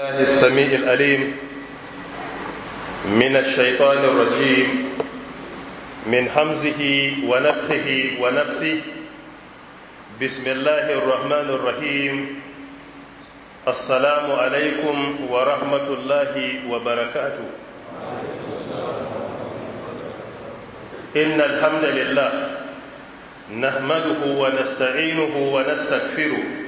الله السميع الأليم من الشيطان الرجيم من حمزه ونفخه ونفثه بسم الله الرحمن الرحيم السلام عليكم ورحمة الله وبركاته إن الحمد لله نحمده ونستعينه ونستغفره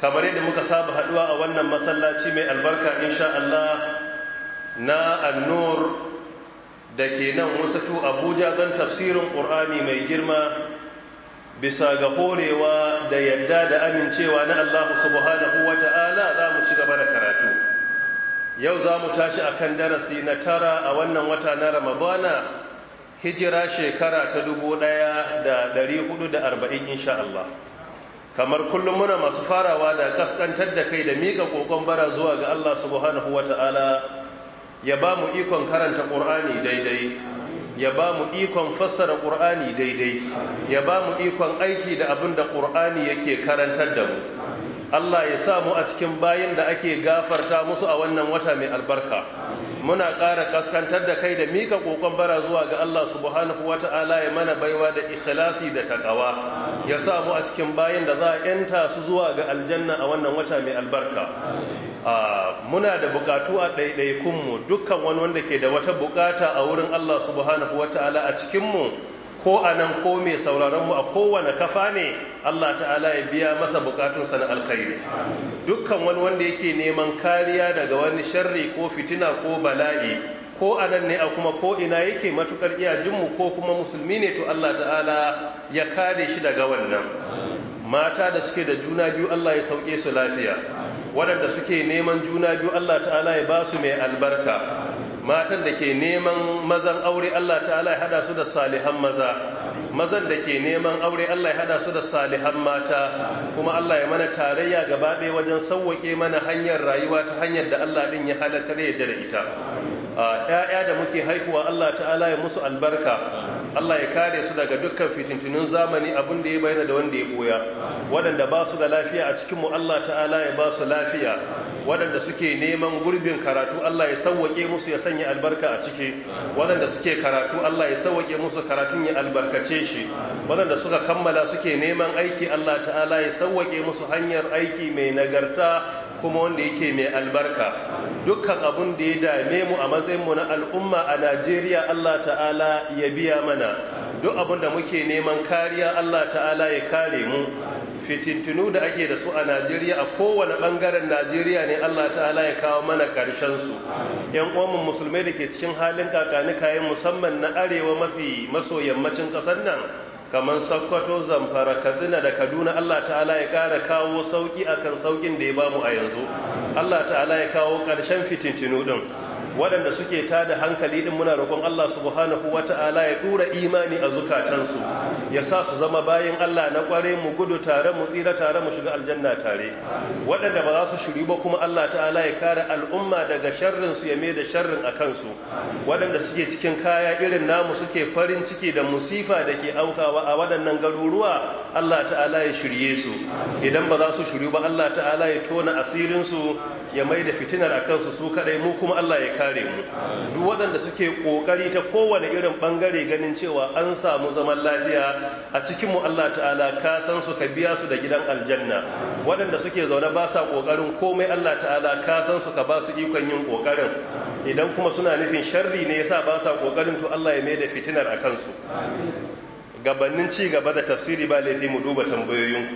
kamar yadda muka saba haduwa a wannan masallaci mai albarka insha Allah na annur da ke nan wasatu abuja don tafsirin ƙur'ani mai girma bisa ga korewa da yadda da amincewa na Allah subhanahu wa ta'ala za mu ci gaba da karatu yau za mu tashi a kan darasi na tara a wannan wata na ramadana hijira shekara ta dubu ɗaya da da arba'in insha Allah kamar kullum muna masu farawa da kaskantar da kai da miƙa kokon bara zuwa ga Allah subhanahu wata'ala ya ba mu ikon karanta ƙur'ani daidai ya ba mu ikon fassara ƙur'ani daidai ya ba mu ikon aiki da abin da ƙur'ani yake karantar da mu Allah ya sa mu a cikin bayin da ake gafarta musu a wannan wata mai albarka muna ƙara kaskantar da kai da mika ƙoƙon bara zuwa ga Allah subhanahu wata'ala ya mana baiwa da ikhlasi da takawa ya sa mu a cikin bayin da za a yanta su zuwa ga aljanna a wannan wata mai albarka muna da bukatu a ɗaiɗaikunmu dukkan wani wanda ke da wata bukata a wurin Allah subhanahu wata'ala a cikinmu ko a nan ko mai sauraronmu a kowane kafa ne Allah ta'ala ya biya masa bukatunsa na alkhairi dukkan wani wanda yake neman kariya daga wani sharri ko fitina ko bala'i ko a nan ne a kuma ko ina yake matukar iyajinmu ko kuma musulmi ne to Allah ta'ala ya kare shi daga wannan mata da suke da juna biyu Allah ya sauke su lafiya waɗanda suke neman juna biyu Allah ta'ala ya ba su mai albarka matan da ke neman mazan aure Allah ta'ala ya hada su da salihan maza mazan da ke neman aure Allah ya hada su da salihan mata kuma Allah ya mana tarayya gaba ɗaya wajen sauwake mana hanyar rayuwa ta hanyar da Allah ɗin ya halatta da ita ya'ya da muke haihuwa Allah ta'ala ya musu albarka Allah ya kare su daga dukkan fitintunin zamani abin da ya bayyana da wanda ya boya waɗanda ba su da lafiya a cikin mu Allah ta'ala ya ba su lafiya waɗanda suke neman gurbin karatu Allah ya sauwake musu ya sanya albarka a ciki waɗanda suke karatu Allah ya sauwake musu karatun ya albarkace shi waɗanda suka kammala suke neman aiki Allah ta'ala ya sauwake musu hanyar aiki mai nagarta kuma wanda yake mai albarka dukkan abun da ya dame mu a matsayinmu na al'umma a Najeriya Allah ta'ala ya biya mana duk abin da muke neman kariya Allah ta'ala ya kare mu fitintunu da ake da su a Najeriya a kowane bangaren Najeriya ne Allah ta'ala ya kawo mana karshen su yan uwanmu musulmai da ke cikin halin kakani kayan musamman na arewa mafi maso yammacin kasar nan kamar Sokoto Zamfara Katsina da Kaduna Allah ta'ala ya kara kawo sauki akan saukin da ya bamu a yanzu Allah ta'ala ya kawo karshen fitintunu din waɗanda suke tada hankali ɗin muna roƙon Allah subhanahu ta'ala ya ɗura imani a zukatansu ya sa su zama bayan Allah na ƙware mu gudu tare mu tsira tare mu shiga aljanna tare waɗanda ba za su shiri ba kuma Allah ta'ala ya kare al'umma daga sharrinsu ya mai da sharrin a kansu waɗanda suke cikin kaya irin namu suke farin ciki da musifa da ke aukawa a waɗannan garuruwa Allah ta'ala ya shirye su idan ba za su shiri ba Allah ta'ala ya tona asirinsu ya mai da fitinar a kansu su kaɗai mu kuma Allah ya kare kare mu duk waɗanda suke ƙoƙari ta kowane irin ɓangare ganin cewa an samu zaman lafiya a cikinmu Allah ta'ala ka san su ka biya su da gidan aljanna waɗanda suke zaune ba sa ƙoƙarin komai Allah ta'ala ka san su ka ba su ikon yin ƙoƙarin idan kuma suna nufin sharri ne yasa ba sa ƙoƙarin to Allah ya mai da fitinar a kansu gabanin ci gaba da tafsiri ba laifi mu duba tambayoyin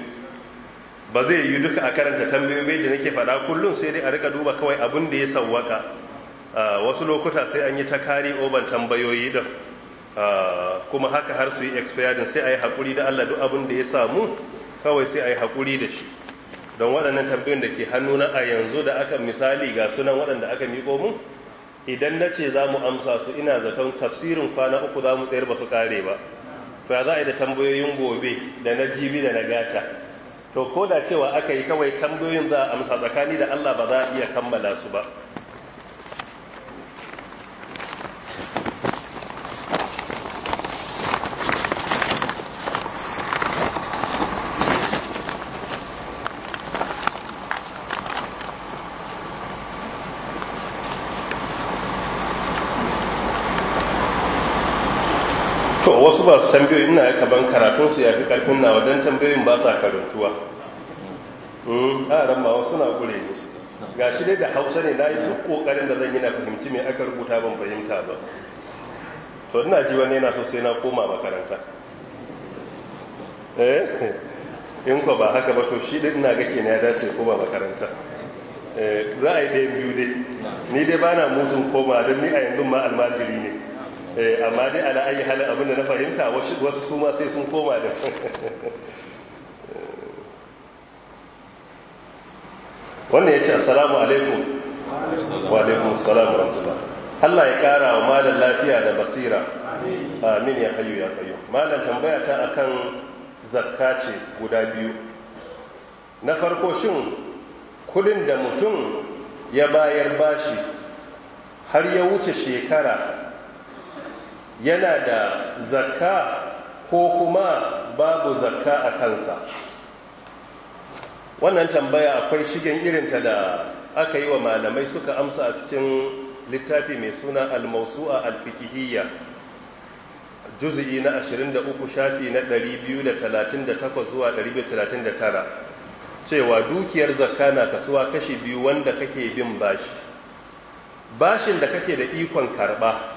ba zai yi duka a karanta tambayoyin da nake faɗa kullum sai dai a rika duba kawai abin da ya sawwaka Ah, wasu lokuta sai an yi ta kari oban tambayoyi da ah, kuma haka har su yi expiring sai a yi haƙuri da Allah duk abin da ya samu kawai sai a yi haƙuri da shi don waɗannan tambayoyin da ke hannuna a yanzu da aka misali ga sunan waɗanda aka miƙo mu idan na ce za mu amsa su ina zaton tafsirin kwana uku za mu tsayar ba su kare ba to za a yi da tambayoyin gobe da na jibi da na gata to ko da cewa aka yi kawai tambayoyin za a amsa tsakani da Allah ba za a iya kammala su ba wasu ba su tambayoyi ina ya kaban karatun su ya fi karfin nawa don tambayoyin ba sa karantuwa hmm, a ran ma wasu na gure ne ga shi dai da hausa ne na yi duk kokarin da zan yi na fahimci mai aka rubuta ban fahimta ba to ina ji wani yana so sai na koma makaranta eh in ko ba haka ba to shi dai ina ga kenan ya dace koma makaranta eh, za a yi dai biyu dai ni dai ba na musun koma don ni a yanzu ma almajiri ne Eh, amma dai ala ayi halin abin da na fahimta wasu su ma sai sun koma da wannan ya ce assalamu alaikum wa alaikum assalamu alaikum Allah ya kara wa malam lafiya da basira amin ya hayu ya kayu malam tambaya ta akan zakka ce guda biyu na farko shin kudin da mutum ya bayar bashi har ya wuce shekara yana da zakka ko kuma babu zakka a kansa wannan tambaya akwai shigen irinta da aka yi wa malamai suka amsa a cikin littafi mai suna al-mawsu'a al-fiqhiyya juz'i na 23 shafi na 238 zuwa 239 cewa dukiyar zakka na kasuwa kashi biyu wanda kake bin bashi bashin da kake da ikon karɓa.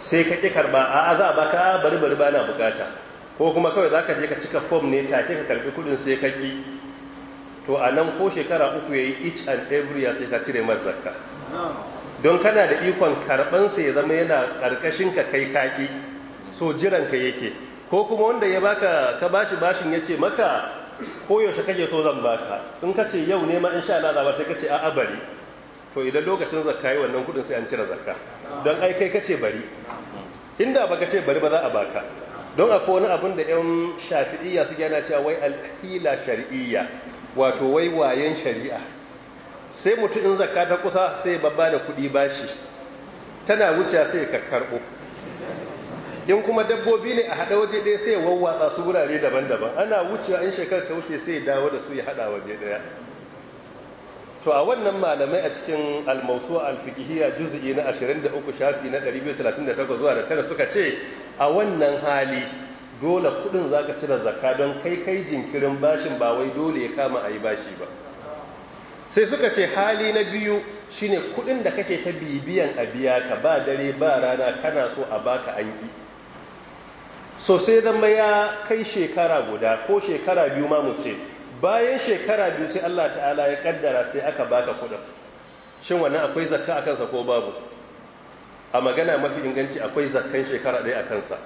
sai ka ƙi karɓa a za a baka bari bari bana bukata ko kuma kawai za ka je ka cika fom ne take ka karɓi kuɗin sai ka ƙi to a nan ko shekara uku ya yi each and every ya sai ka cire masa zakka don kana da ikon karɓansa ya zama yana ƙarƙashin ka kai kaƙi so jiran ka yake ko kuma wanda ya baka ka bashi bashin ya ce maka koyaushe kake so zan baka in ka ce yau ne ma in sha Allah sai ka ce a bari to idan lokacin zakka yi wannan kudin sai an cire zakka don ai kai kace bari inda baka ce bari ba za a baka don akwai wani abin da yan shafi'iyya suke yana cewa wai alhila shari'iyya wato wai wayen shari'a sai mutum in zakka ta kusa sai babba da kuɗi bashi tana wuce sai ka karɓo in kuma dabbobi ne a haɗa waje ɗaya sai wawwatsa su wurare daban-daban ana wucewa in shekara ta wuce sai dawo da su ya haɗa waje ɗaya to a wannan malamai a cikin almausu alfiqhiyya juz'i na 23 shafi na 238 zuwa da tara suka ce a wannan hali dole kudin zaka cire zaka don kai kai jinkirin bashin ba wai dole ya kama ayi bashi ba sai suka ce hali na biyu shine kudin da kake ta bibiyan a biya ka ba dare ba rana kana so a baka anki so sai zama ya kai shekara guda ko shekara biyu ma mu ce bayan shekara biyu sai Allah ta'ala ya kaddara sai aka baka kudin shin wannan akwai zakka a kansa ko babu a magana mafi inganci akwai zakkan shekara ɗaya a kansa.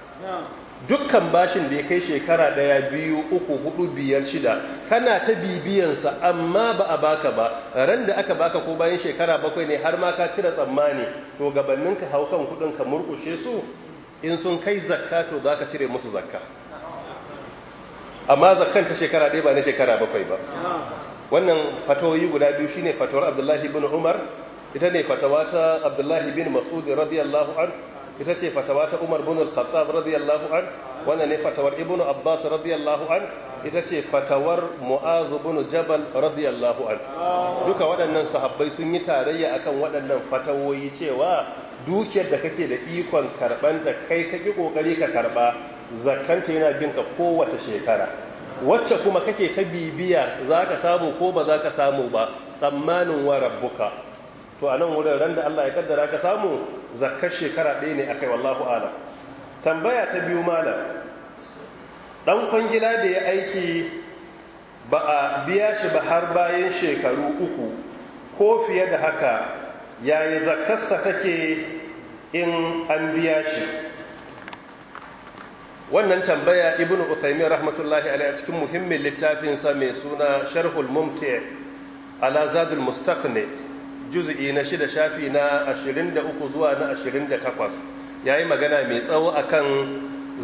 dukkan bashin da ya kai shekara ɗaya biyu uku hudu biyar shida kana ta bibiyansa amma ba a baka ba ran da aka baka ko bayan shekara bakwai ne har ma ka cire tsammani to gabaninka hau kan kudin ka murkushe su in sun kai zakka to za ka cire musu zakka amma zakkan ta shekara ɗaya ba na shekara bakwai ba wannan fatawoyi guda biyu shine fatawar abdullahi bin umar ita ne fatawa ta abdullahi bin masud radiyallahu an ita ce fatawa ta umar bin al-khattab radiyallahu an wannan ne fatawar ibn abbas radiyallahu an ita ce fatawar mu'az bin jabal radiyallahu an duka waɗannan sahabbai sun yi tarayya akan waɗannan fatawoyi cewa dukiyar da kake da ikon karɓar da kai kake kokari ka karɓa. zakanta yana bin ka kowace shekara wacce kuma kake ta bibiya za ka samu ko ba za ka samu ba tsammanin wa rabbuka to a nan wurin ran da Allah ya kaddara ka samu zakkar shekara ɗaya ne akai wallahu ala tambaya ta biyu malam dan kwangila da ya aiki ba a biya shi ba har bayan shekaru uku ko fiye da haka yayi zakkarsa kake in an biya shi wannan tambaya ibn usaimin rahmatullahi alaihi a cikin muhimmin littafinsa mai suna sharhul mumti ala zadul mustaqni juz'i na shida shafi na 23 zuwa na 28 yayi magana mai tsawo akan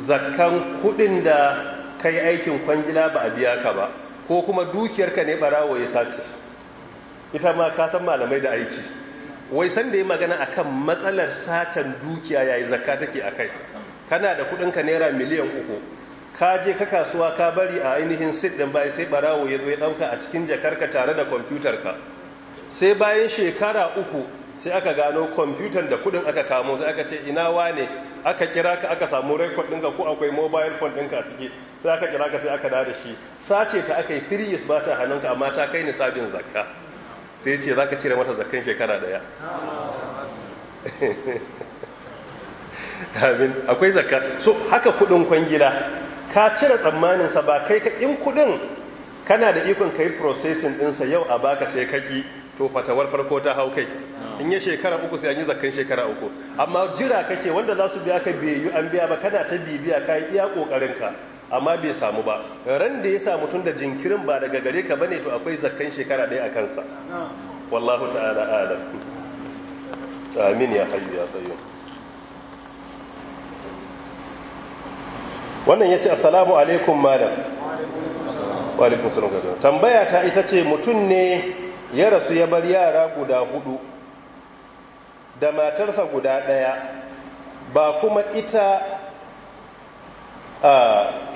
zakkan kudin da kai aikin kwangila ba a biya ka ba ko kuma dukiyarka ne barawo ya sace ita ma ka san malamai da aiki wai san da yi magana akan matsalar satan dukiya yayi zakka take akai kana da kudin ka naira miliyan uku ka je ka kasuwa ka bari a ainihin sit din bai sai barawo ya zo ya dauka a cikin jakarka tare da kwamfutar ka sai bayan shekara uku sai aka gano kwamfutar da kudin aka kamo sai aka ce ina wane aka kira ka aka samu rekod ka, ko akwai mobile phone ɗinka a ciki sai aka kira ka sai aka da shi sace ta aka yi firiyis ba ta hannunka amma ta kai nisabin zakka sai ce za cire mata zakkan shekara ɗaya amin akwai zakka so haka kudin kwangila ka cire tsammanin sa ba kai ka in kudin kana da ikon kai processing din sa yau a baka sai kaki to fatawar farko ta hau kai in ya shekara uku sai an yi zakkan shekara uku amma jira kake wanda za su biya ka biyu an biya ba kana ta bibiya ka iya kokarin ka amma bai samu ba ran da ya samu tun da jinkirin ba daga gare ka bane to akwai zakkan shekara ɗaya a kansa wallahu ta'ala alam amin ya hayyu ya qayyum wannan ya ce assalamu alaikum malam wa alaikum salam tambaya ta ita ce mutum ne ya rasu ya bar yara guda hudu da matarsa guda ɗaya ba kuma ita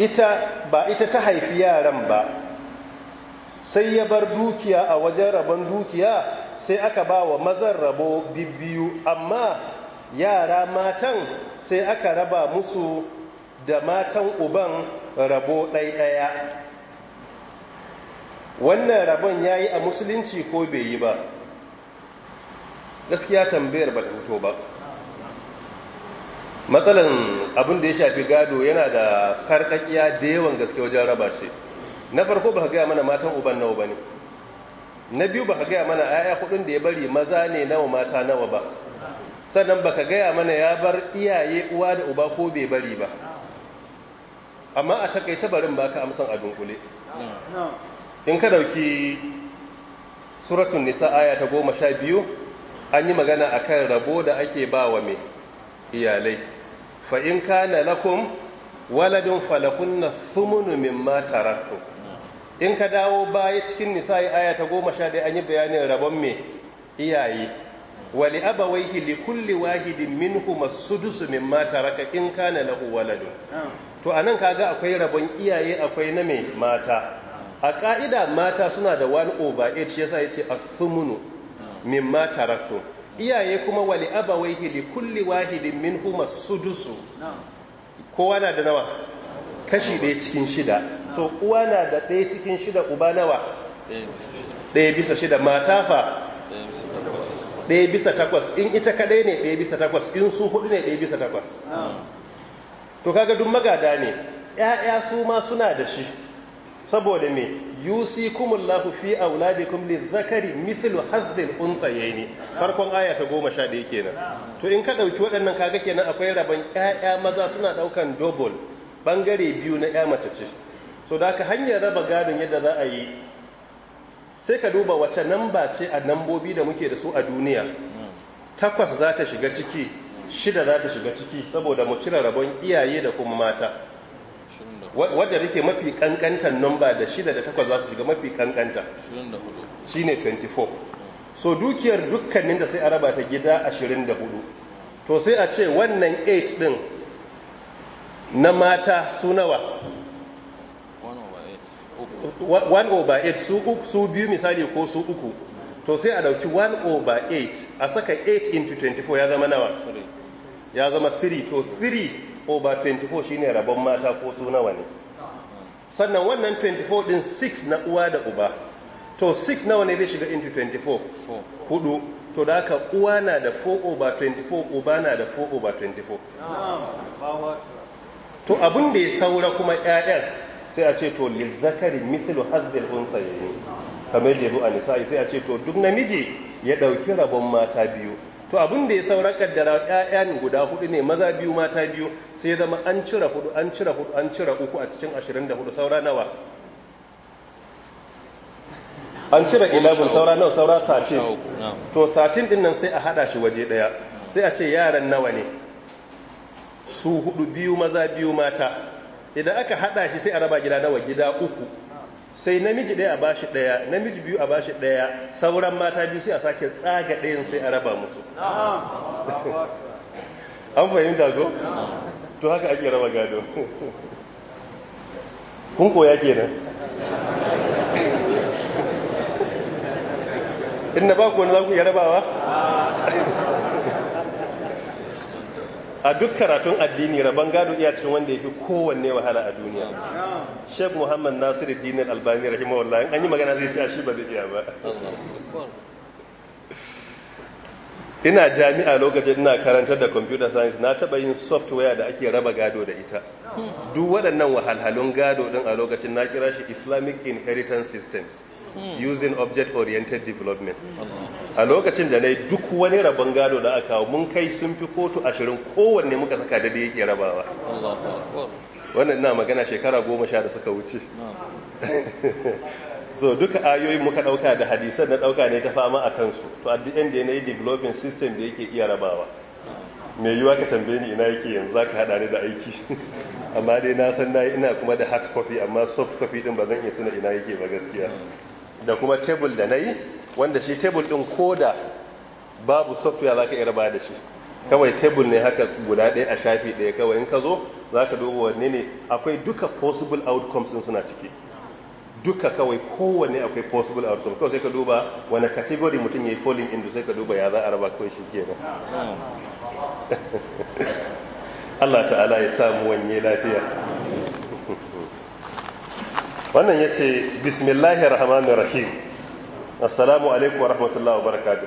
ita ba ita ta haifi yaran ba sai ya bar dukiya a wajen rabon dukiya sai aka ba wa mazan rabo bibbiyu amma yara matan sai aka raba musu da matan uban rabo ɗaya wannan rabon ya yi a musulunci ko bai yi ba gaskiya tambayar ba ta fito ba matsalan abin da ya shafi gado yana da sarƙaƙiya da yawan gaske wajen raba shi na farko ba ka gaya mana matan uban nawa ba ne na biyu ba ka gaya mana yaya kudin da ya bari maza ne nawa mata nawa ba sannan ba ka gaya mana ya bar iyaye uwa da uba ko bai bari ba amma a takaice barin ba ka amsan a dunkule in ka dauki suratun nisa aya ta goma sha biyu an yi magana a kan rabo da ake ba wa mai iyalai fa in kana lakum waladun na sumunu min taraktum in ka dawo baya cikin nisa'i aya ta goma sha dai, an yi bayanin rabon mai iyaye wali wai li kulli wahidin minhum as-sudus min mataraka in na lahu waladun to a nan kaga akwai rabon iyaye akwai na mai mata a ka'ida mata suna da one over eight shi yasa yace a sumunu Min mata rato iyaye kuma wali abawai li kulli wahidin minhum as-sudusu kowa na da nawa kashi ɗaya cikin shida so uwa na da ɗaya cikin shida uba nawa ɗaya bisa shida mata fa ɗaya bisa takwas in ita kaɗai ne ɗaya bisa takwas in su hudu ne ɗaya bisa takwas to kaga duk magada ne ‘ya'ya su ma suna da shi saboda me yusi kumullahu fi auladikum li zakari mislu hazzil unsaye ne farkon aya ta goma sha kenan to in ka ɗauki waɗannan kaga kenan akwai rabon ‘ya'ya maza suna ɗaukan double bangare biyu na ‘ya mace ce so da ka hanyar raba gadon yadda za a yi sai ka duba wace namba ce a nambobi da muke da su a duniya takwas za ta shiga ciki shida za ta shiga ciki saboda mu cire rabon iyaye da kuma mata wadda take mafi kankantar numba da shida da takwas za su shiga mafi kankanta shine 24 so dukiyar dukkanin da sai a raba ta gida 24 to sai a ce wannan 8 din na mata su nawa 1 over 8 su biyu misali ko su uku to sai a dauki 1 over 8 a saka 8 into 24 ya zama nawa 3 ya zama 3 to 3 over 24 shine rabon mata ko su nawa ne sannan wannan 24 din 6 na uwa da uba to 6 nawa ne zai shiga into 24 hudu to da aka uwa na da 4 over 24 uba na da 4 over 24 to abin da ya saura kuma 'ya'yan sai a ce to lizzakari mislu hazzil unsayi kamar da ya zo a nisa'i sai a ce to duk namiji ya dauki rabon mata biyu to abin da ya saura da ra'ayan guda hudu ne maza biyu mata biyu sai zama an cire hudu an cire hudu an cire uku a cikin 24 saura nawa an cire 11 saura nawa saura 13 to 13 din nan sai a hada shi waje daya sai a ce yaran nawa ne su hudu biyu maza biyu mata idan aka hada shi sai a raba gida nawa gida uku sai namiji ɗaya a bashi ɗaya namiji biyu a bashi ɗaya sauran mata biyu sai a sake tsaga ɗayan sai a raba musu an fahimta ko to haka ake raba gado kun koya kenan inda ba ku wani za ku iya rabawa a duk karatun addini rabon gado iya cikin wanda ya fi kowanne wahala a duniya sheikh muhammad nasiru dinar albani wallahi an yi magana zai ci a shi ba zai iya ba ina jami'a lokacin ina karantar da computer science na taɓa yin software da ake raba gado da ita duk waɗannan wahalhalun gado ɗin a lokacin na kira shi islamic inheritance systems Hmm. using object oriented development a lokacin da na yi duk wani rabon gado da aka kawo mun kai sun fi kotu ashirin kowanne muka saka da yake rabawa wannan na magana shekara goma sha da suka wuce so duka ayoyi muka dauka da hadisan na dauka ne ta fama a kansu to at the end na yi developing system da yake iya rabawa mai yiwa ka tambaye ni ina yake yanzu ka hada ni da aiki amma dai na san nayi ina kuma da hard copy amma soft copy din ba zan iya tuna ina yake ba gaskiya hmm. da kuma table da na yi wanda shi table ɗin koda babu software za ka iya raba da shi kawai table ne haka guda ɗaya a shafi ɗaya kawai in ka zo za ka duba wanne ne akwai duka possible outcomes din suna ciki duka kawai kowanne akwai possible outcomes, kawai sai ka duba wani category mutum ya yi polling inda sai ka duba ya za a raba kawai shi ke nan Allah ta'ala ya samu wani lafiya wannan ya ce bismillahi rahmanir rahim assalamu alaikum wa rahmatullahi wa barakatu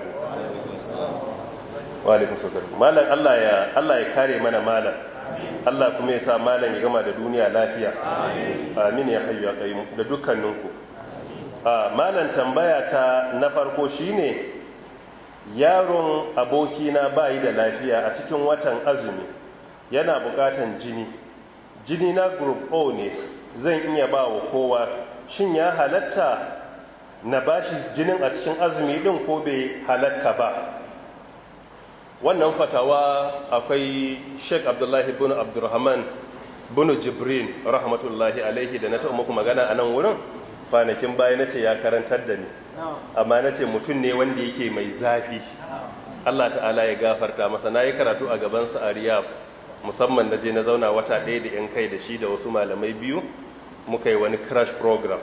wa alaikum malam Allah ya kare mana malam Allah kuma ya sa malam ya gama da duniya lafiya amin ya hayyu ya da dukkaninku malam tambaya ta na farko shine yaron abokina bayi da lafiya a cikin watan azumi yana bukatan jini jini na group O ne zan iya ba wa kowa shin ya halatta na ba shi jinin a cikin azumi din ko bai halatta ba wannan fatawa akwai Sheikh abdullahi bin abdurrahman bin jibrin rahmatullahi alaihi da na taɓa muku magana a nan wurin kwanakin baya na ce ya karantar da ni amma na ce mutum ne wanda yake mai zafi Allah ta'ala ya gafarta masa na yi karatu a gabansa a riyaf musamman na je na zauna wata ɗaya da 'yan kai da shi da wasu malamai biyu muka yi wani crash program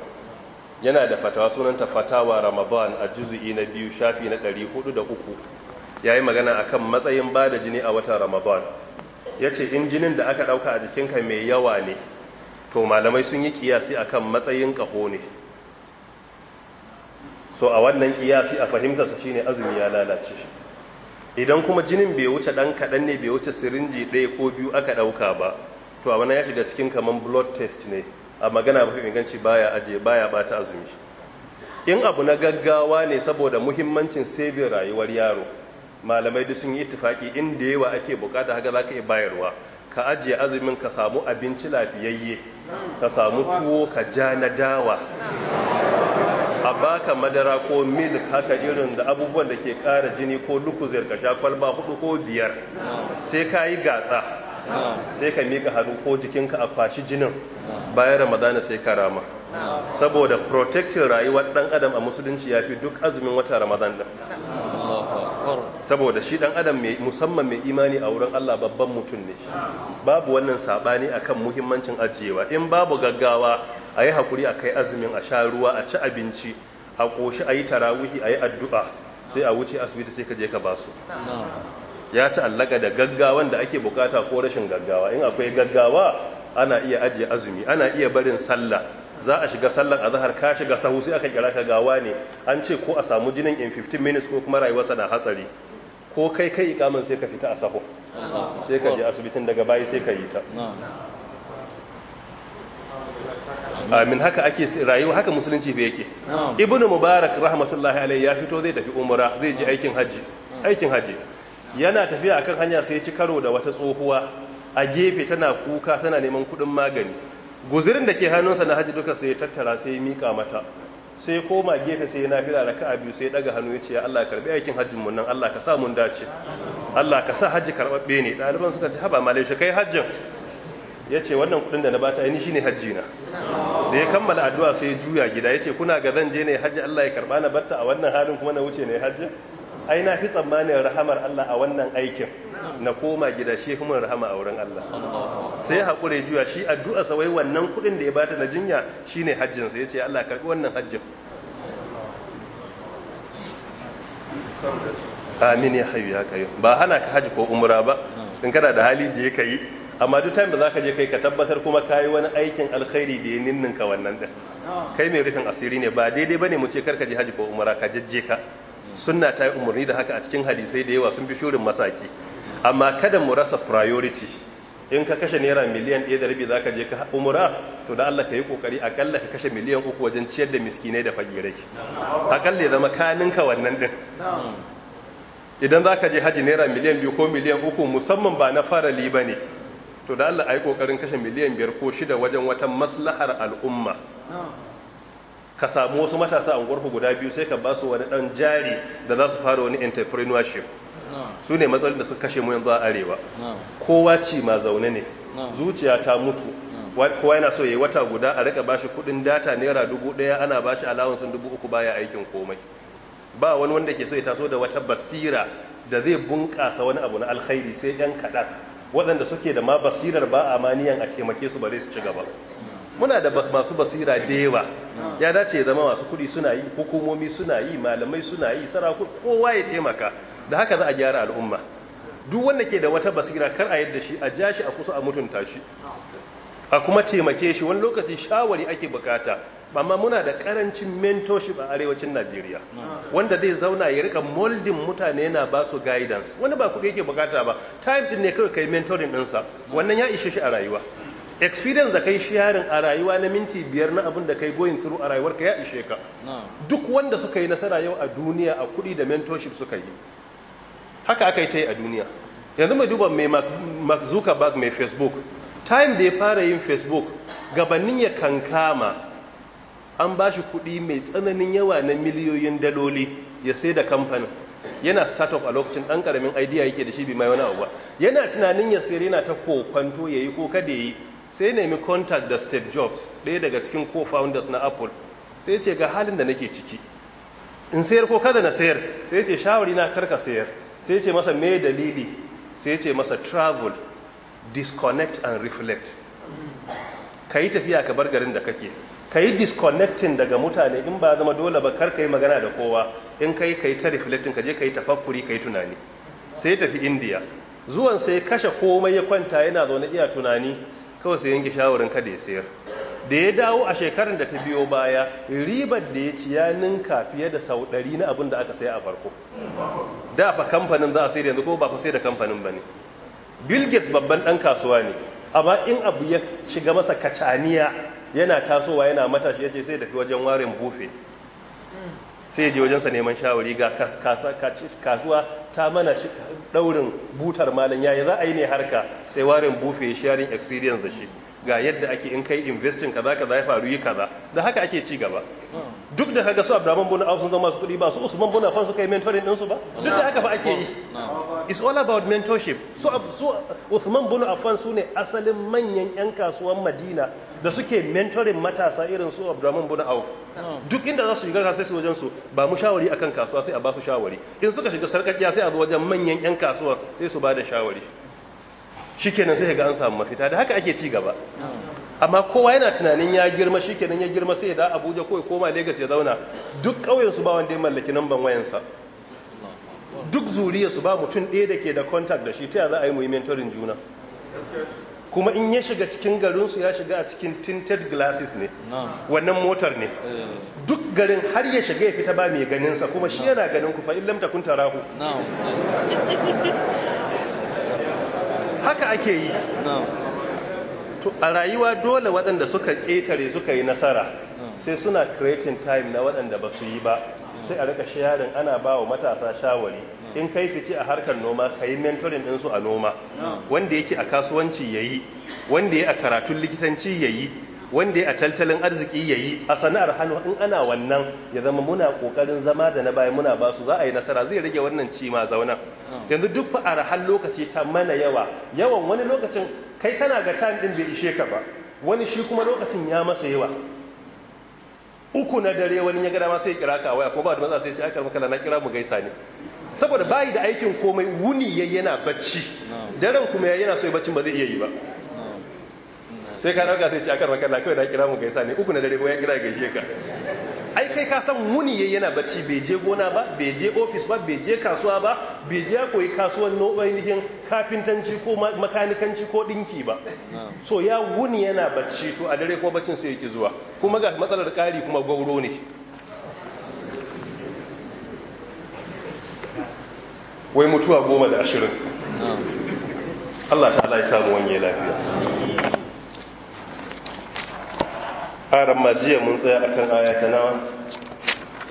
yana da fatawa sunanta fatawa ramadan a juzu'i na biyu shafi na ɗari da uku. ya yi magana a kan matsayin ba da jini a watan ramadan ya ce in jinin da aka ɗauka a jikinka mai yawa ne to malamai sun yi kiyasi a kan matsayin ƙaho ne so a wannan kiyasi a fahimtarsa shine azumi ya lalace idan kuma jinin bai wuce ɗan kaɗan ne bai wuce sirinji ɗaya ko biyu aka ɗauka ba to a wannan ya shiga cikin kamar blood test ne a magana mafi inganci baya aje baya bata azumi in abu na gaggawa ne saboda muhimmancin sabin rayuwar yaro malamai duk sun yi in inda yawa ake bukata haka zaka iya bayarwa ka ajiye azumin ka samu abinci lafiyayye ka samu tuwo ka ja na dawa a baka madara ko mil haka irin da abubuwan da ke kara jini ko lukuzir ka sha kwalba hudu ko biyar sai ka yi gatsa sai ka mika hadu ko jikinka a fashi jinin bayan ramadana sai ka rama saboda protectin rayuwar dan adam a musulunci ya fi duk azumin wata ramadan din saboda shi dan adam mai musamman mai imani a wurin Allah babban mutum ne babu wannan sabani akan muhimmancin ajiyewa in babu gaggawa a yi hakuri a kai azumin a sha ruwa a ci abinci a koshi a yi tarawihi a yi addu'a sai a wuce asibiti sai ka je ka basu ya ta'allaka da gaggawan da ake bukata ko rashin gaggawa in akwai gaggawa ana iya ajiye azumi ana iya barin sallah za a shiga sallar zahar ka shiga sahu sai aka kira ka gawa ne an ce ko a samu jinin in 15 minutes ko kuma rayuwarsa na hatsari ko kai kai ikamin sai ka fita a sahu sai ka je asibitin daga bayi sai ka yi ta amin haka ake rayuwa haka musulunci fa yake ibnu mubarak rahmatullahi alaihi ya fito zai tafi umra zai je aikin haji aikin haji yana tafiya akan hanya sai ci karo da wata tsohuwa a gefe tana kuka tana neman kudin magani guzirin da ke hannunsa na hajji duka sai ya tattara sai mika mata sai koma gefe sai na fira da ka biyu sai daga hannu ya ce Allah karbi aikin hajjin mun nan Allah ka sa mun dace Allah ka sa hajji karbabbe ne ɗaliban suka ce haba malai shi kai hajjin ya ce wannan kudin da na bata ainihi shine hajji na da ya kammala addu'a sai ya juya gida ya ce kuna ga zan je ne hajji Allah ya karba na batta a wannan halin kuma na wuce ne hajji ai na fi tsammanin rahamar Allah a wannan aikin na koma gida shi kuma rahama a wurin Allah sai haƙure juya shi addu'a sawai wannan kuɗin da ya bata na jinya shine hajjin sa yace Allah karbi wannan hajjin amin ya hayu ya kayo ba hana ka haji ko umra ba in kana da hali je ka yi amma duk time da zaka je kai ka tabbatar kuma kai wani aikin alkhairi da ya ninninka wannan din kai mai rufin asiri ne ba daidai bane mu ce karka je haji ko umra ka jajje ka sunna ta yi umarni da haka a cikin hadisai da yawa sun fi shurin masaki amma kada mu rasa priority in ka kashe naira miliyan ɗaya da rabi za ka je ka umura to da Allah ka yi kokari akalla ka kashe miliyan uku wajen ciyar da miskinai da fagirai akalla ya zama ka wannan din idan za ka je haji naira miliyan biyu ko miliyan uku musamman ba na farali ba ne to da Allah a yi ƙoƙarin kashe miliyan biyar ko shida wajen wata maslahar al'umma ka samu wasu matasa a unguwarku guda biyu sai ka ba su wani dan jari da za su fara wani entrepreneurship su ne matsalin da suka kashe mu yanzu a arewa kowa ci ma zaune ne zuciya ta mutu kowa yana so ya yi wata guda a rika bashi kudin data naira dubu daya ana bashi alawansu dubu uku baya aikin komai ba wani wanda ke so ya taso da wata basira da zai bunkasa wani abu na alkhairi sai yan kaɗan waɗanda suke da ma basirar ba a maniyan a taimake su ba zai su ci gaba muna da masu basira da yawa ya dace ya zama masu kudi suna yi hukumomi suna yi malamai suna yi sarakun kowa ya taimaka da haka za a gyara al'umma duk wanda ke da wata basira kar a yadda shi a ja shi a kusa a mutunta shi a kuma taimake shi wani lokaci shawari ake bukata amma muna da karancin mentorship a arewacin Najeriya wanda zai zauna ya rika moldin mutane yana ba su guidance wani ba kuɗi yake bukata ba time din ne kawai kai mentoring ɗinsa wannan ya ishe shi a rayuwa experience da kai sharing a rayuwa na minti biyar na abin da kai going through a rayuwar ka ya ishe ka duk wanda suka yi nasara yau a duniya a kudi da mentorship suka yi haka aka yi ta yi a duniya yanzu mai duba mai mark zuckerberg mai facebook time da ya fara yin facebook gabanin ya kankama an ba shi kuɗi mai tsananin yawa na miliyoyin daloli ya sai da kamfanin yana startup a lokacin dan karamin idea yake da shi bi mai wani abu yana tunanin ya sayar yana ta kokwanto ya yi ko kada yayi sai nemi contact da steve jobs ɗaya daga cikin co-founders na apple sai ce ga halin da nake ciki in sayar ko kada na sayar sai ce shawari na karka sayar sai ce masa me dalili sai ce masa travel disconnect and reflect ka yi tafiya ka bar garin da kake ka yi disconnecting daga mutane in ba zama dole ba kar ka yi magana da kowa in ka yi ka yi ta reflecting ka je ka yi tafakkuri ka yi tunani sai tafi india zuwan sai kashe komai ya kwanta yana zaune iya tunani kawai sai yanke shawarin kada ya sayar da ya dawo a shekarar da ta biyo baya ribar da ya ci ya ninka fiye da sau ɗari na abin da aka saya a farko da fa kamfanin za a sai yanzu ko ba fa sai da kamfanin ba ne bill gates babban ɗan kasuwa ne amma in abu ya shiga masa kacaniya yana tasowa yana matashi ya ce sai da fi wajen warin bufe sai je wajensa neman shawari ga kasuwa ta mana daurin butar malam yayi za a yi ne harka sai warin bufe shi yarin experience da shi ga yadda ake in kai investin kaza kaza ya faru yi kaza da haka ake ci gaba duk da kaga su Abdurrahman bin Auf sun zama su kudi ba su Usman bin Affan su yi mentoring din su ba duk da haka fa ake yi it's all about mentorship su su Usman bin Affan su ne asalin manyan yan kasuwan Madina da suke mentoring matasa irin su Abdurrahman bin Auf duk inda za su shiga sai su wajen su ba mu shawari akan kasuwa sai a ba su shawari in suka shiga sarkakiya sai a zo wajen manyan yan kasuwa sai su ba da shawari shikenan sai ga an samu mafita da haka ake ci gaba amma kowa yana tunanin ya girma shi kenan ya girma sai ya da Abuja ko ya koma legas ya zauna duk ƙauyensu ba wanda ya mallaki namban wayansa duk zuriya su ba mutum ɗaya da ke da contact da shi ta za a yi mentoring juna kuma in ya shiga cikin garinsu ya shiga a cikin tinted glasses ne wannan motar ne duk garin har ya shiga ya fita ba mai ganin sa kuma shi yana ganin ku fa illam takun tarahu haka ake yi a rayuwa dole waɗanda suka ƙetare suka yi nasara sai suna creating time na waɗanda ba su yi ba sai a rika shayarin ana ba wa matasa shawari in kai fice a harkar noma ka yi mentoring ɗinsu a noma wanda yake a kasuwanci ya yi wanda ya a karatun likitanci ya yi wanda ya a tattalin arziki ya yi a sana'ar hannu in ana wannan ya zama muna kokarin zama da na baya muna ba su za a yi nasara zai rage wannan ci ma zauna yanzu duk fa'ar har lokaci ta mana yawa yawan wani lokacin kai kana ga time ɗin bai ishe ka ba wani shi kuma lokacin ya masa yawa uku na dare wani ya gada ma sai kira ka waya ko ba da matsa sai ce aka makala na kira mu gaisa ne saboda bayi da aikin komai wuni yayi yana bacci daren kuma yayi yana so ya baccin ba zai iya yi ba sai ka dauka sai ce akar makalla kawai da kira mu gaisa ne uku na dare ko ya kira gaishe ka ai kai ka san muni yayi yana bacci bai je gona ba bai je office ba bai je kasuwa ba bai je ya koyi kasuwan nobayin kafintanci ko makanikanci ko dinki ba so ya wuni yana bacci to a dare ko baccin sai yake zuwa kuma ga matsalar kari kuma gauro ne wai mutuwa goma da ashirin Allah ta Allah ya samu wani lafiya aran majiya mun tsaya a aya ayata na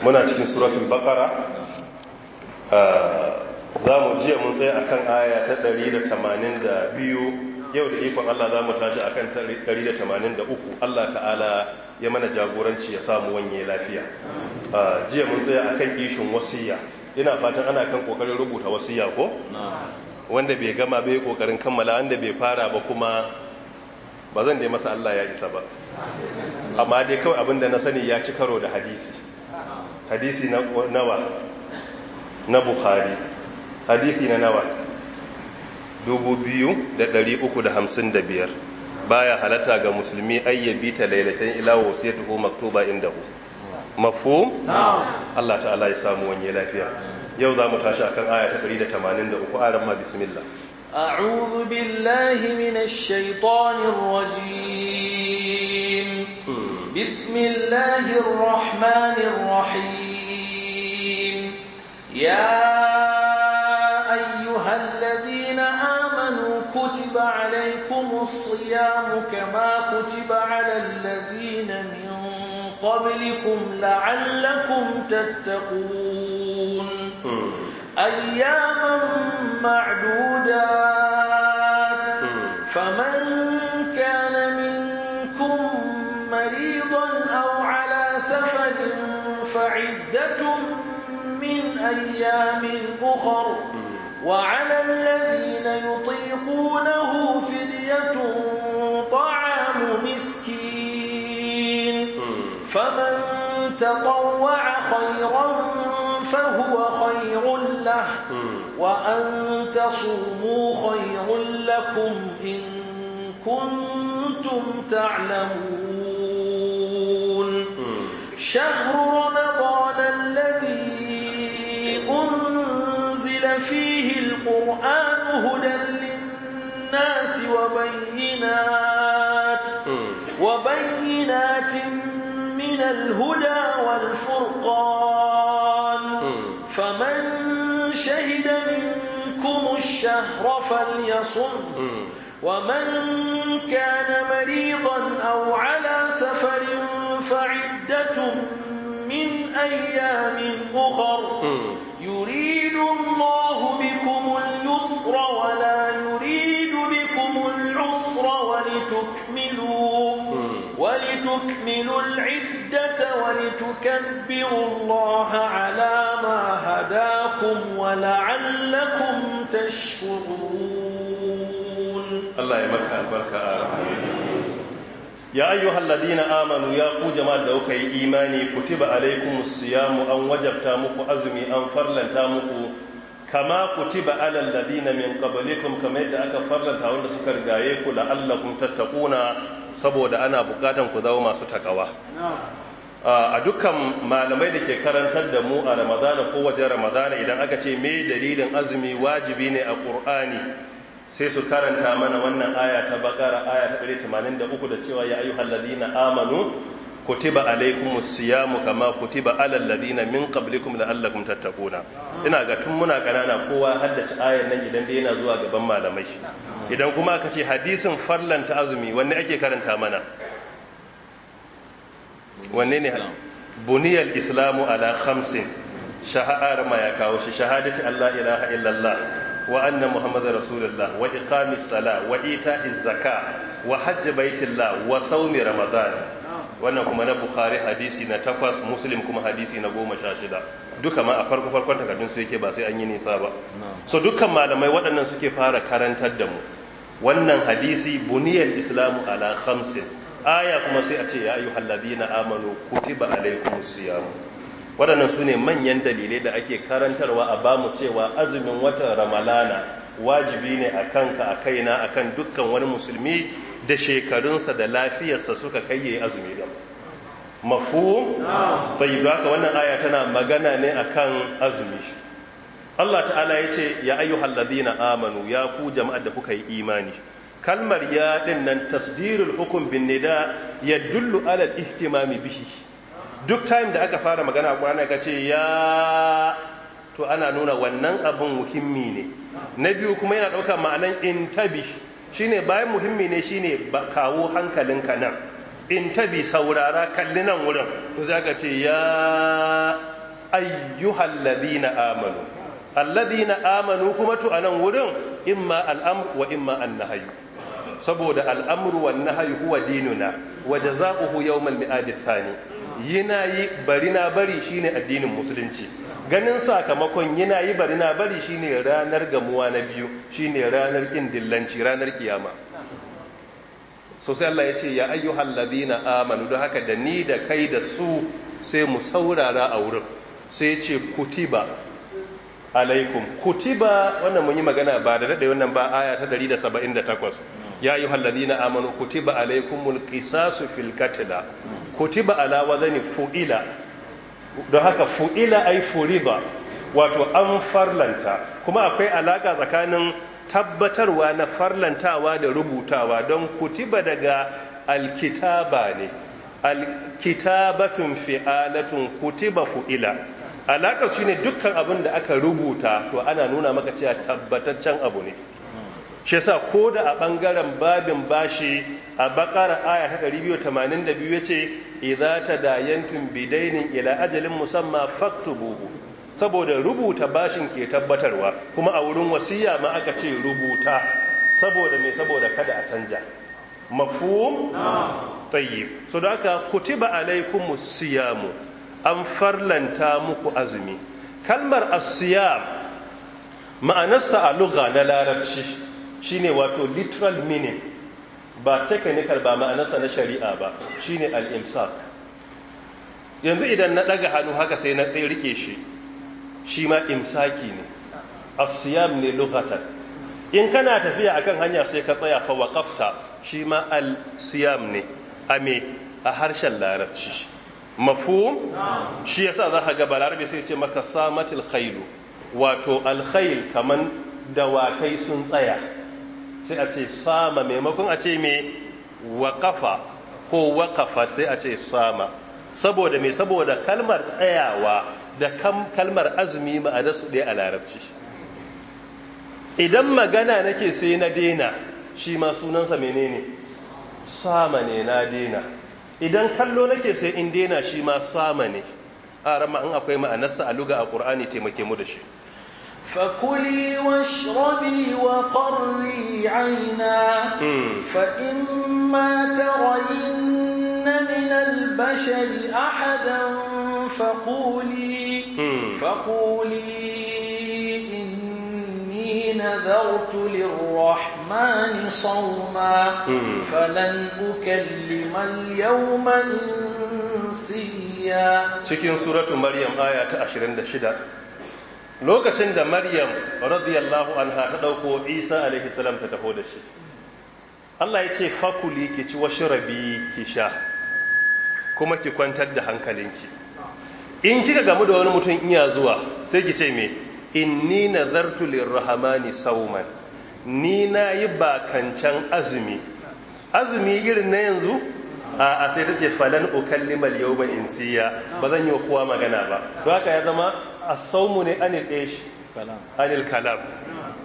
muna cikin suratun bakara ah, za mu jiya mun tsaya akan aya ta 182 yau da ikon Allah za mu tashi akan 183 Allah ta'ala ya mana jagoranci ya samu wanye lafiya ah, jiya mun tsaya kan ishin wasiya ina fatan ana kan kokarin rubuta wasiya ko wanda bai gama bai kokarin kammala wanda bai fara ba kuma ba zan dai masa Allah ya isa ba amma dai kawai abinda na sani ya ci karo da hadisi hadisi nawa na bukhari hadisi na nawa 2355 baya halatta ga musulmi ayyabi ta lailatan ila tuho maktuba inda mafhum Mafu? Allah ta'ala ya samu wani lafiya yau za mu tashi akan aya ta 183 aran ma bismillah a'udhu billahi minash shaitanir rajim بسم الله الرحمن الرحيم يا أيها الذين آمنوا كتب عليكم الصيام كما كتب على الذين من قبلكم لعلكم تتقون أياما معدودات فمن سفر فعدة من أيام أخر وعلى الذين يطيقونه فدية طعام مسكين فمن تطوع خيرا فهو خير له وأن تصوموا خير لكم إن كنتم تعلمون شهر رمضان الذي أنزل فيه القرآن هدى للناس وبينات وبينات من الهدى والفرقان فمن شهد منكم الشهر فليصم ومن كان مريضا أو على سفر فعدة من أيام أخر يريد الله بكم اليسر ولا يريد بكم العسر ولتكملوا ولتكملوا العدة ولتكبروا الله على ما هداكم ولعلكم تشكرون الله يمكى بركة آمين ya ayyu ladina amanu ya ku jama'a da kuka yi imani kutiba alaikumus siyamu an wajabta muku azumi an farlanta muku kama kutiba alal ladina min qablikum kamar yadda aka farlanta wanda suka rigaye ku la'allakum tattaquna saboda ana bukatan ku zama masu takawa a dukkan malamai da ke karantar da mu a ramadana ko wajen ramadana idan aka ce me dalilin azumi wajibi ne a qur'ani sai su karanta mana wannan aya ta bakara aya ta 183 da cewa ya ayyuhal ladina amanu kutiba alaikumus siyamu kama kutiba alal ladina min qablikum la'allakum tattaquna ina ga tun muna ƙanana kowa haddace ayar nan idan dai yana zuwa gaban malamai idan kuma aka ce hadisin farlanta azumi wanne ake karanta mana wanne ne buniyal islamu ala khamsin shahadar ma ya kawo shi shahadati allah ilaha illallah wa anna muhammadar rasulullah wa iqamis sala wa ita'iz zaka wa hajj baitillah wa ramadan wannan kuma na bukhari hadisi na takwas muslim kuma hadisi na goma sha shida duka ma a farko farkon takardun su yake ba sai an yi nisa ba so dukkan malamai waɗannan suke fara karantar da mu wannan hadisi buniyar islamu ala khamsin aya kuma sai a ce ya ayyuhal ladina amanu kutiba alaikumus siyam waɗannan su ne manyan dalilai da ake karantarwa a bamu cewa azumin watan ramalana wajibi ne a kanka a kaina a kan dukkan wani musulmi da shekarunsa da lafiyarsa suka kayye azumi gama mafu bai ka wannan aya tana magana ne a kan azumi Allah ta'ala ya ce ya ayyuhal ladina amanu ya ku jama'ar da kuka yi imani kalmar ya ɗin nan tasdirul hukum bin nida ya dullu alal ihtimami bihi duk time da aka fara magana a ƙur'ani aka ce ya to ana nuna wannan abin muhimmi ne na biyu kuma yana ɗauka ma'anan intabi ne bayan muhimmi ne shi ne kawo hankalinka nan intabi saurara kalli nan wurin to za aka ce ya ayyuhal ladina amanu na amanu kuma to anan wurin imma al'amr wa imma nahayu saboda al'amru Waje nahayu huwa dinuna wa yau yawmal mi'ad thani yana yi bari na bari shine addinin musulunci ganin sakamakon yana yi bari na bari shine ranar gamuwa na biyu shine ranar kin dillanci ranar kiyama so sai Allah ya ce ya ayyuhal ladina amanu da haka da ni da kai da su sai mu saurara a wurin sai ya ce kutiba alaikum kutiba wannan mun yi magana ba da daɗe wannan ba aya ta 178 ya yi na amanu kutiba alaikumul filkatila, fil qatla kutiba ala wazani fu'ila don haka fu'ila ai ba, wato an farlanta kuma akwai alaka tsakanin tabbatarwa na farlantawa da rubutawa don kutiba daga alkitaba ne alkitabatun fi'alatun kutiba fu'ila alaka shine dukkan abin da aka rubuta to ana nuna maka cewa tabbataccen abu ne shi yasa ko da a ɓangaren babin bashi a bakara aya ta 282 yace idza tadayantum bidainin ila ajalin musamma faktubuhu saboda rubuta bashin ke tabbatarwa kuma a wurin wasiya ma aka ce rubuta saboda me saboda kada a canja mafhum tayyib so da aka kutiba alaikumus siyamu an farlanta muku azumi kalmar as-siyam ma'anarsa a lugha na larabci ne wato literal meaning ba technical ba ma'anarsa na shari'a ba shine al-imsak yanzu idan na daga hannu haka sai na tsaye rike shi shi ma imsaki ne asiyam ne lughatan in kana tafiya akan hanya sai ka tsaya fa waqafta shi ma al-siyam ne me a harshen larabci mafhum shi yasa zaka ga balarabi sai ce maka samatil khailu wato alkhail kaman dawakai sun tsaya sai a ce sama maimakon a ce mai waƙafa ko waƙafa sai a ce sama saboda mai saboda kalmar tsayawa da kalmar azumi ma'ana su ɗaya a larabci idan magana nake sai na dena shi ma sunansa menene sama ne na dena idan kallo nake sai in dena shi ma sama ne a rama an akwai ma'anarsa a luga a ƙur'ani taimake mu da shi فكلي واشربي وقري عينا فإما ترين من البشر أحدا فقولي فقولي إني نذرت للرحمن صوما فلن أكلم اليوم إنسيا cikin suratu maryam aya ta 26 lokacin da maryam radiyallahu anha ta ɗauko isa alaihi salam ta taho da shi allah ya ce fakuli ki ci washrabi ki sha kuma ki kwantar da hankalinki in kika gamu da wani mutum iya zuwa sai ki ce me inni nazartu lirrahmani sauman ni na yi bakancan azumi azumi irin na yanzu a sai ta ce falan ukallimal yawma insiya ba zan yi kowa magana ba to haka ya zama A saumu ne anil ish anil kalam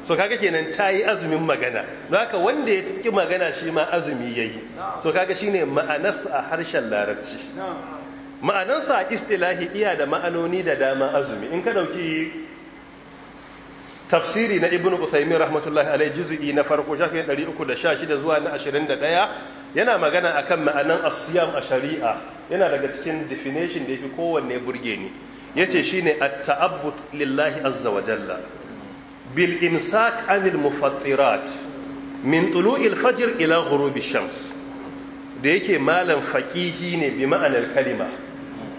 so kaga kenan yi azumin magana haka wanda ya tiki magana shi ma azumi ya yi. so kaga ne ma'anarsa a harshen larabci Ma'anarsa a istilahi iya da ma'anoni da dama azumi in ka ɗauki tafsiri na Ibn usaimin rahmatullahi alaihi juzu'i na farko shafin 316 zuwa na 21 yana magana akan ma'anan asiyam a shari'a yana daga cikin definition da yafi kowanne burge ni ce shine at-ta'abbud lillahi azza wa jalla bil imsak anil mufattirat min tulu'il ilfajir ila hurubi shams da yake malam faƙihi ne bi ma'anar kalima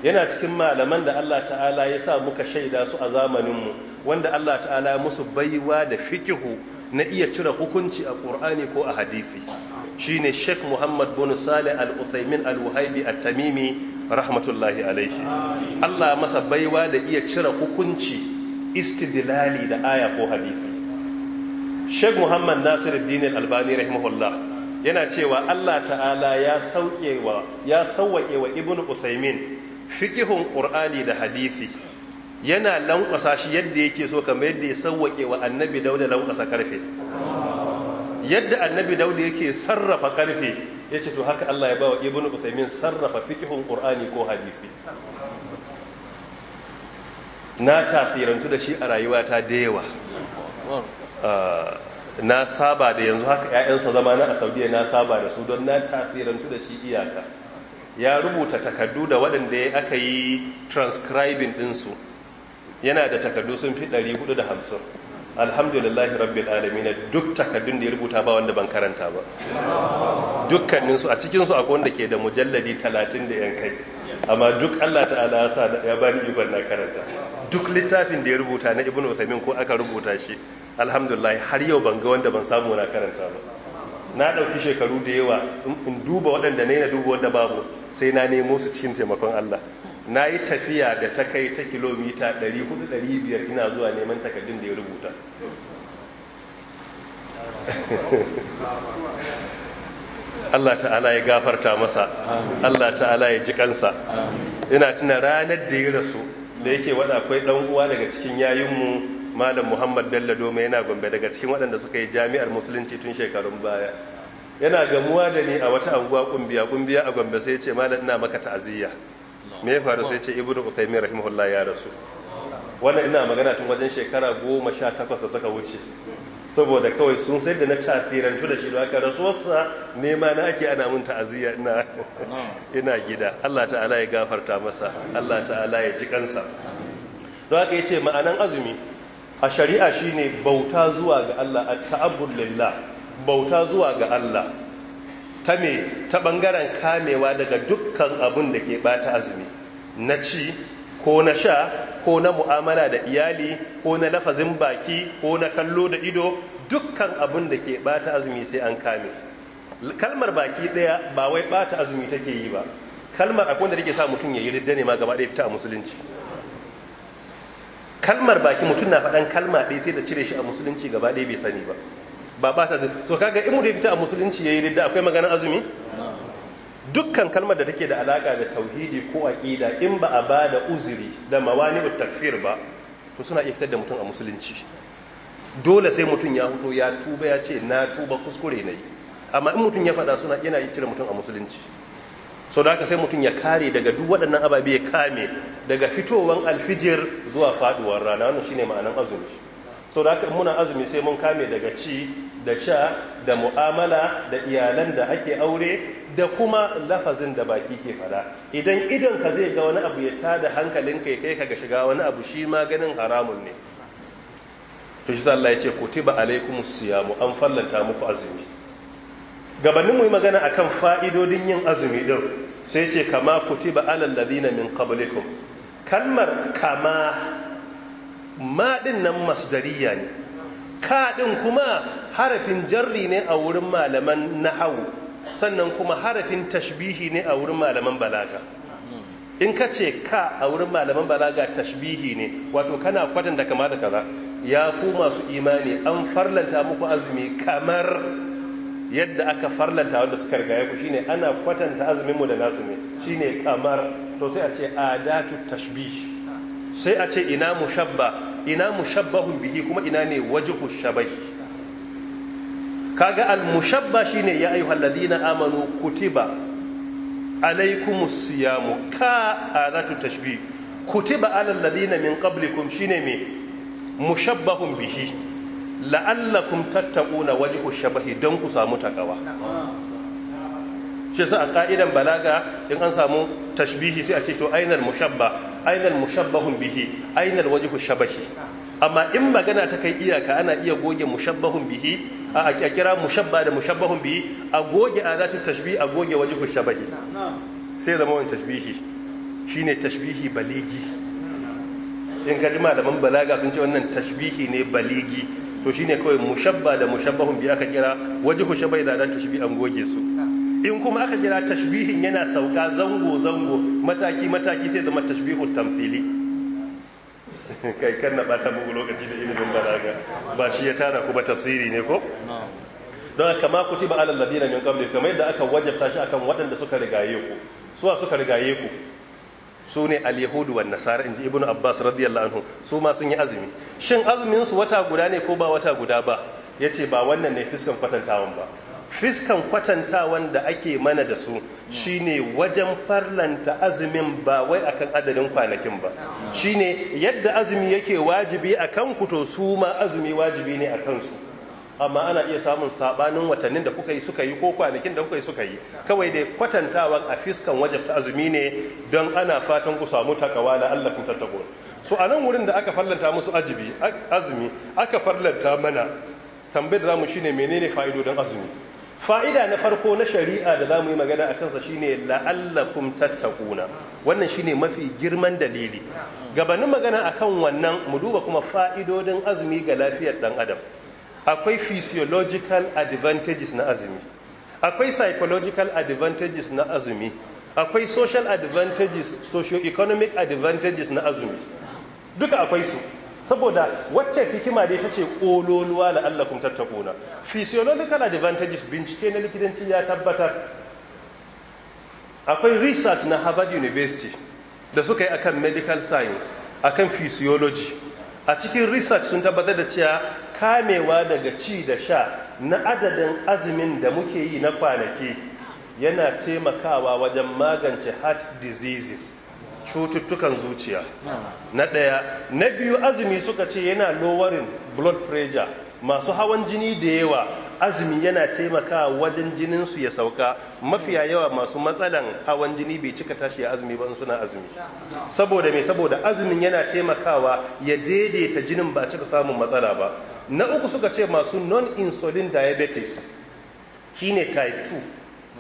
yana cikin malaman da Allah ta'ala ya sa muka shaida su a zamaninmu wanda Allah ta'ala musu baiwa da fikihu na iya cire hukunci a ƙur'ani ko a hadisi shine Sheikh Muhammad bin Saleh Al-Uthaymin al wahaibi a tamimi rahmatullahi alaihi Allah masa baiwa da iya cire hukunci istidilali da aya ko hadisi Sheikh Muhammad Nasiruddin Al-Albani rahimahullah yana cewa Allah ta'ala ya sauke wa ya sawwake wa Ibn Uthaymin fiqhun Qur'ani da hadisi yana lankwasa shi yadda yake so kamar yadda ya sauwake wa annabi dauda lankwasa karfe yadda annabi dauda yake sarrafa karfe ya ce to haka Allah ya ba wa ibn Uthaymin sarrafa fikihun Ƙur'ani ko hadisi na tafirantu da shi a rayuwata da yawa ah, na saba da yanzu haka 'ya'yansa zama na a Saudiya na saba da su don na tafirantu da shi iyaka ya rubuta takardu da waɗanda aka yi transcribing ɗinsu yana da takardu sun fi 450 alhamdulillahi rabbil alamin duk takardun da ya rubuta ba wanda ban karanta ba dukkanin su a cikin su akwai wanda ke da mujalladi 30 da yan kai amma duk Allah ta'ala ya sa ya bani ikon na karanta duk littafin da ya rubuta na ibnu usaimin ko aka rubuta shi alhamdulillahi har yau ban ga wanda ban samu na karanta ba na ɗauki shekaru da yawa in duba waɗanda ne na duba wanda babu sai na nemo su cikin taimakon Allah na yi tafiya da ta kai ta kilomita 400-500 ina zuwa neman takardun da ya rubuta Allah ta'ala ya gafarta masa Allah ta'ala ya ji kansa ina tuna ranar da ya rasu da yake wada akwai dan uwa daga cikin yayinmu malam Muhammad Bello domin yana gombe daga cikin waɗanda suka yi jami'ar musulunci tun shekarun baya yana gamuwa da ni a wata anguwa kumbiya kumbiya a gombe sai ya ce malam ina maka ta'aziyya me ya faru sai ce ibnu usaimin rahimahullah ya rasu wannan ina magana tun wajen shekara goma sha takwas da suka wuce saboda kawai sun sai da na tafirantu da shi da aka rasuwarsa nema na ake ana mun ta'aziyya ina gida Allah ta'ala ya gafarta masa Allah ta'ala ya ji kansa don haka yace ma'anan azumi a shari'a shine bauta zuwa ga Allah at-ta'abbud lillah bauta zuwa ga Allah ta me ta bangaren kamewa daga dukkan abun da ke bata azumi na ci ko na sha ko na mu'amala da iyali ko na lafazin baki ko na kallo da ido dukkan abun da ke bata azumi sai an kame kalmar baki daya ba wai bata azumi take yi ba kalmar akwai da yake sa mutum ya yi ridda ne ma gaba ɗaya ta a musulunci kalmar baki mutum na faɗan kalma ɗaya sai da cire shi a musulunci gaba ɗaya bai sani ba ba ba ta to kaga in mutum fita a musulunci yayi ridda akwai maganar azumi dukkan kalmar da take da alaka da tauhidi ko aqida in ba a ba da uzuri da mawani'ut takfir ba to suna iya fitar da mutum a musulunci dole sai mutum ya huto ya tuba ya ce na tuba kuskure nayi amma in mutum ya fada suna yana yi cire mutum a musulunci So da haka sai mutum ya kare daga duk waɗannan ababe ya kame daga fitowar alfijir zuwa faɗuwar rana wannan shine ma'anar azumi sau da muna azumi sai mun kame daga ci da sha da mu'amala da iyalan da ake aure da kuma lafazin da baki ke fada idan idan ka zai ga wani abu ya tada hankalin kai ka ga shiga wani abu shi ma ganin haramun ne to shi Allah ya ce kutiba alaikumus siyamu an fallanta muku azumi gabanin mu yi magana akan fa'idodin yin azumi din sai ce kama kutiba alal ladina min qablikum kalmar kama Maɗin nan nan masdariya ne kaɗin kuma harafin jarri ne a wurin malaman nahawu sannan kuma harafin tashbihi ne a wurin malaman balaga in ka ce ka a wurin malaman balaga tashbihi ne wato kana kwatanta kama da kaza ya ku masu imani an farlanta muku azumi kamar yadda aka farlanta wanda suka rigaya ku shine ana kwatanta azumin mu da nasu ne shine kamar to sai a ce adatu tashbihi sai a ce ina mushabba ina mushabbahun bihi kuma ina ne wajhu shabai kaga al mushabba shine ya ayyuhal ladina amanu kutiba alaikumus siyamu ka alatu tashbih kutiba alal ladina min qablikum shine me mushabbahun bihi la'allakum tattaquna wajhu shabahi don ku samu takawa shi yasa a ka'idan balaga in an samu tashbihi sai a ce to ainal mushabba ainal mushabbahun bihi ainal wajhu shabahi amma in magana ta kai iyaka ana iya goge mushabbahun bihi a kira mushabba da mushabbahun bihi a goge adatun tashbih a goge wajhu shabahi sai zama wani tashbihi shine tashbihi baligi in ka ji malaman balaga sun ce wannan tashbihi ne baligi to shine kawai mushabba da mushabbahun bihi aka kira wajhu shabahi da adatun tashbih an goge su in kuma aka jira tashbihin yana sauka zango-zango mataki-mataki sai zama tashbihun tamfili kai kan na bata muku lokaci da ilimin balaga ba shi ya tara ku ba tafsiri ne ko don kama ku ci ba alal ladina min qabli kamar yadda aka wajabta shi akan waɗanda suka rigaye ku wa suka rigaye ku su ne al-yahudu wan nasara inji ibnu abbas radiyallahu anhu su ma sun yi azumi shin azumin su wata guda ne ko ba wata guda ba yace ba wannan ne fiskan kwatantawan ba fiskan kwatantawan da ake mana da su shine wajen farlanta azumin ba wai akan adadin kwanakin ba shine yadda azumi yake wajibi akan ku to su ma azumi wajibi ne akan su amma ana iya samun sabanin watannin da kuka yi suka yi ko kwanakin da kuka yi suka yi kawai dai kwatantawan a fiskan wajabta azumi ne don ana fatan ku samu takawa na Allah ku so a nan wurin da aka farlanta musu azumi aka farlanta mana tambayar da zamu shine menene fa'idodin azumi fa'ida na farko na shari'a da za mu yi magana a kansa shi shine la'allakum tattakuna wannan shi ne mafi girman dalili gabanin magana a kan wannan mu duba kuma fa'idodin azumi ga lafiyar ɗan adam akwai physiological advantages na azumi akwai psychological advantages na azumi akwai social advantages socio-economic advantages na azumi duka akwai su saboda wacce hikima da ita ce ƙololuwa la'allakun tattakuna physiological advantages bincike na likitanci ya tabbatar akwai research na harvard university da suka yi akan medical science akan physiology a cikin research sun tabbatar da cewa kamewa daga ci da sha na adadin azumin da muke yi na kwanaki yana taimakawa wajen magance heart diseases cututtukan zuciya na ɗaya na biyu azumi suka ce yana lowarin blood pressure masu hawan jini da yawa azumi yana taimakawa wajen jininsu ya sauka mafiya yawa masu matsalan hawan jini bai cika tashi ya azumi ba suna azumi saboda mai saboda azumin yana taimakawa ya daidaita jinin ba cika samun matsala ba na uku suka ce masu non-insulin diabetes shine type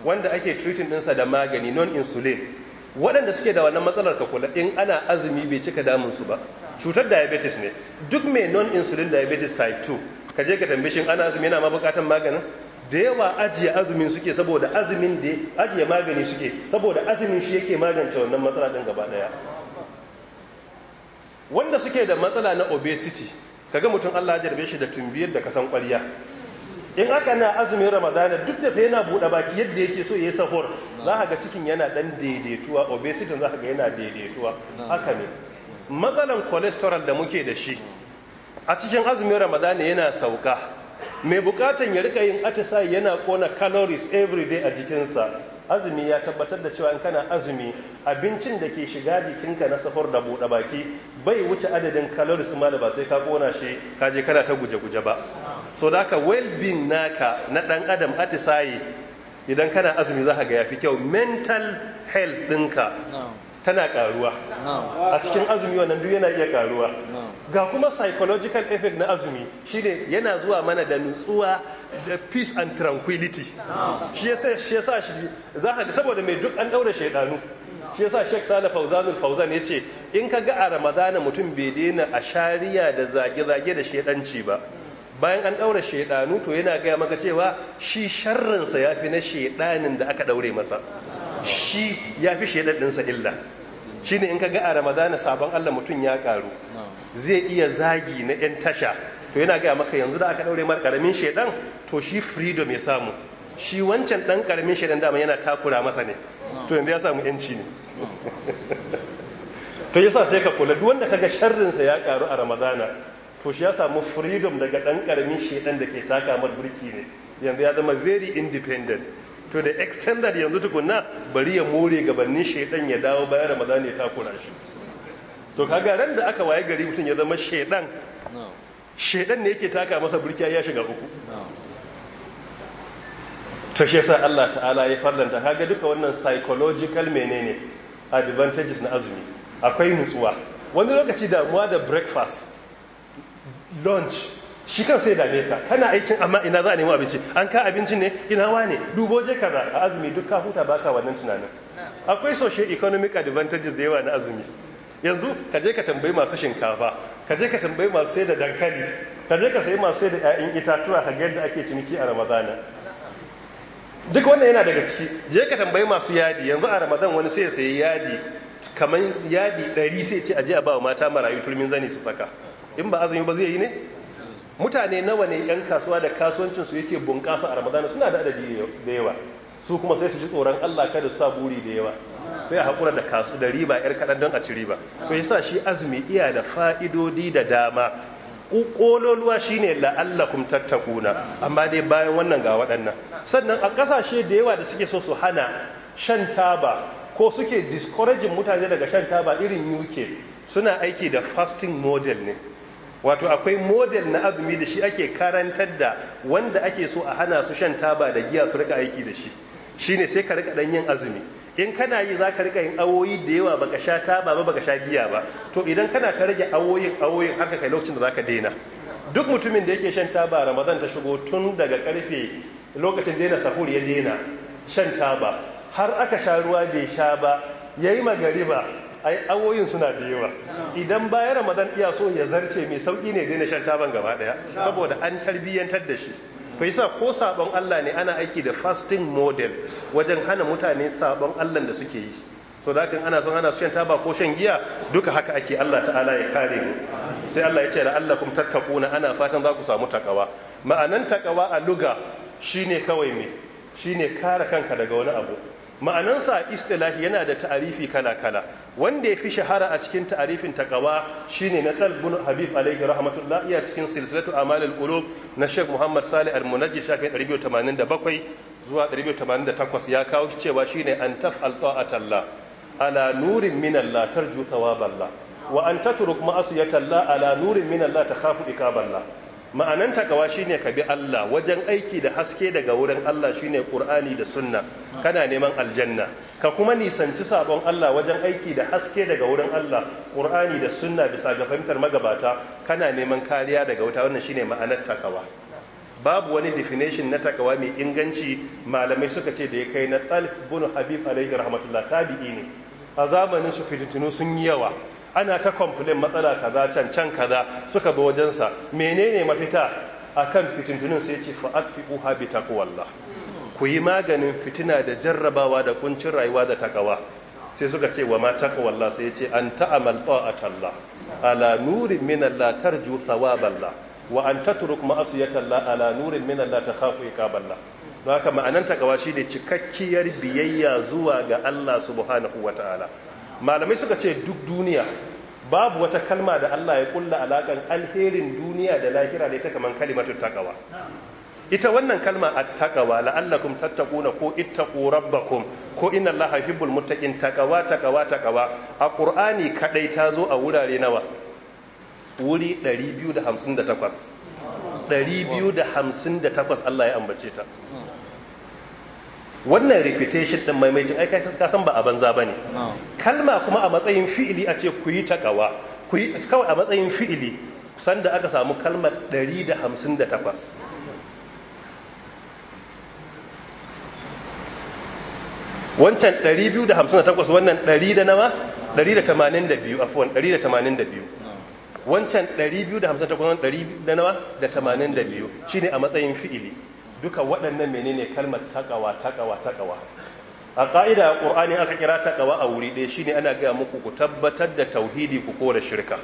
2 wanda ake treating dinsa da magani non-insulin waɗanda suke da wannan matsalar ka kula in ana azumi bai cika damun su ba cutar diabetes ne duk mai non insulin diabetes type 2 ka je ka tambaye shi ana azumi yana ma bukatan maganin da yawa ajiye azumin suke saboda azumin da ajiye magani suke saboda azumin shi yake magance wannan matsala din gaba daya wanda suke da matsala na obesity kaga mutum Allah ya jarbe shi da tumbiyar da kasan ƙwarya in aka na azumin ramadana duk da yana buɗe baki yadda yake so ya sahur za a ga cikin yana ɗan daidaituwa obesity za a ga yana daidaituwa haka ne matsalan cholesterol da muke da shi a cikin azumin ramadana yana sauka mai bukatan ya rika yin atisa yana kona calories every day a jikinsa azumi ya tabbatar da cewa in kana azumi abincin da ke shiga jikinka na safar da buɗe baki bai wuce adadin calories ma da ba sai ka kona shi ka je kana ta guje-guje ba so da haka well being naka na ɗan adam atisaye idan kana azumi za ka ga fi kyau mental health ɗinka tana karuwa a cikin azumi wannan duk yana iya karuwa ga kuma psychological effect na azumi shine yana zuwa mana da nutsuwa da peace and tranquility shi yasa shi yasa shi za ka saboda mai duk an daura shaidanu shi yasa Sheikh Salih Fauzan ya ce in ka ga a Ramadana mutum bai daina a shariya da zage-zage da shaidanci ba bayan an daura shaidanu to yana gaya maka cewa shi sharrinsa ya fi na shaidanin da aka daure masa shi ya fi sa illa Shi ne in ka ga a ramadana sabon Allah mutum ya karu zai iya zagi na yan tasha to yana gaya maka yanzu da aka daure mar karamin shaidan to shi freedom ya samu shi wancan dan karamin shaidan dama yana takura masa ne to yanzu ya samu yanci ne to yasa sai ka kula duk wanda kaga sharrin sa ya karu a ramadana to shi ya samu freedom daga dan karamin shaiɗan da ke taka mar burki ne yanzu ya zama very independent to da extended yanzu tukunna bari ya more gabanin shaidan ya dawo bayan ramadan ya takura shi to kaga ran da aka waye gari mutum ya zama shaidan shaidan ne yake taka masa burkiya ya shiga uku to shi yasa Allah ta'ala ya farlanta kaga duka wannan psychological menene advantages na azumi akwai nutsuwa wani lokaci damuwa da breakfast lunch shi kan sai dame ka kana aikin amma ina za a nemo abinci an ka abinci ne ina ne dubo je kaza a azumi duk ka huta baka wannan tunanin akwai social economic advantages da yawa na azumi yanzu ka je ka tambayi masu shinkafa ka je ka tambayi masu sai da dankali ka je ka sayi masu sai da 'ya'yan itatuwa ka yadda ake ciniki a ramadana duk wannan yana daga ciki je ka tambayi masu yadi yanzu a ramadan wani sai ya sayi yadi kamar yadi ɗari sai ce aje a ba wa mata marayu turmin zani su saka in ba azumi ba zai yi ne mutane nawa ne yan kasuwa da kasuwancinsu yake bunƙasa a ramadana suna da adadi da yawa su kuma sai su ji tsoron Allah kada su sa buri da yawa sai a haƙura da kasu da riba yar kaɗan don a ci riba yi sa shi azumi iya da fa'idodi da dama ƙololuwa shine la'allakum tattakuna amma dai bayan wannan ga waɗannan sannan a ƙasashe da yawa da suke so su hana shan taba ko suke discouraging mutane daga shan taba irin UK suna aiki da fasting model ne wato akwai model na azumi da shi ake karantar da wanda ake so a hana su shan taba da giya su rika aiki da shi shine sai ka rika dan yin azumi in kana yi za ka rika yin awoyi da yawa baka sha taba ba baka sha giya ba to idan kana ta rage awoyin awoyin har ka kai lokacin da zaka daina duk mutumin da yake shan taba ramadan ta shigo tun daga karfe lokacin daina sahur ya daina shan taba har aka sha ruwa bai sha ba yayi magariba ai awoyin suna da yawa idan bayan ramadan iya so ya zarce mai sauki ne daina shan taban gaba daya saboda an tarbiyyantar da shi kai sa ko sabon Allah ne ana aiki da fasting model wajen hana mutane sabon Allah da suke yi to da kan ana son ana shan taba ko shan giya duka haka ake Allah ta'ala ya kare mu sai Allah ya ce allakum tattaquna ana fatan za ku samu takawa ma'anan takawa a luga shine kawai me shine kare kanka daga wani abu ma'anansa istilahi yana da ta'arifi kala-kala wanda ya fi shahara a cikin ta'arifin takawa shine na talbun habib alaihi rahmatullah iya cikin silsilatu amalul qulub na Sheikh Muhammad Salih al-Munajjid shafin 287 zuwa 288 ya kawo cewa shine an taf'al ta'atallah ala nurin min Allah tarju thawaballah wa an tatruk ma'asiyata ala nurin min Allah takhafu iqaballah ma'anan takawa shine ka bi Allah wajen aiki da haske daga wurin Allah shine Qur'ani da Sunna kana neman aljanna ka kuma nisanci sabon Allah wajen aiki da haske daga wurin Allah ƙur'ani da Sunna bisa ga fahimtar magabata kana neman kariya daga wuta wannan shine ma'anar takawa babu wani definition na takawa mai inganci malamai suka ce da ya kai na Talib bunu Habib alaihi rahmatullah tabi'i ne a zamanin su fitintunu sun yi yawa ana ta complain matsala kaza can can kaza suka bi wajensa menene mafita akan fitintunin sai ce fa atfiqu ha bi taqwallah ku yi maganin fitina da jarrabawa da kuncin rayuwa da takawa sai suka ce wa ma taqwallah sai ce an ta'amal ta'atallah ala nurin min Allah tarju thawaballah wa an tatruk ma'asiyatallah ala nurin min Allah takhafu iqaballah don haka ma'anan takawa shine cikakkiyar biyayya zuwa ga Allah subhanahu malamai suka ce duk duniya babu wata kalma da Allah ya kulla alakan alherin duniya da lahira ne ta kaman kalimatut takawa ita wannan kalma a takawa la'allakum tattaquna ko ittaqu rabbakum ko inna Allaha yuhibbul muttaqin takawa takawa takawa a Qur'ani kadai ta zo a wurare nawa wuri 258 258 Allah ya ambace ta wannan repetition din maimaicin ai ka san ba a banza bane kalma kuma a matsayin fi'ili a ce ku yi takawa ku yi kawai a matsayin fi'ili sanda aka samu kalmar 158 wancan 258 wannan 100 da nawa 182 afwan 182 wancan 258 da nawa da 82 shine a matsayin fi'ili duka waɗannan menene kalmar takawa takawa takawa a ƙa'ida a ƙur'ani aka kira takawa a wuri ɗaya shine ana gaya muku ku tabbatar da tauhidi ku kora shirka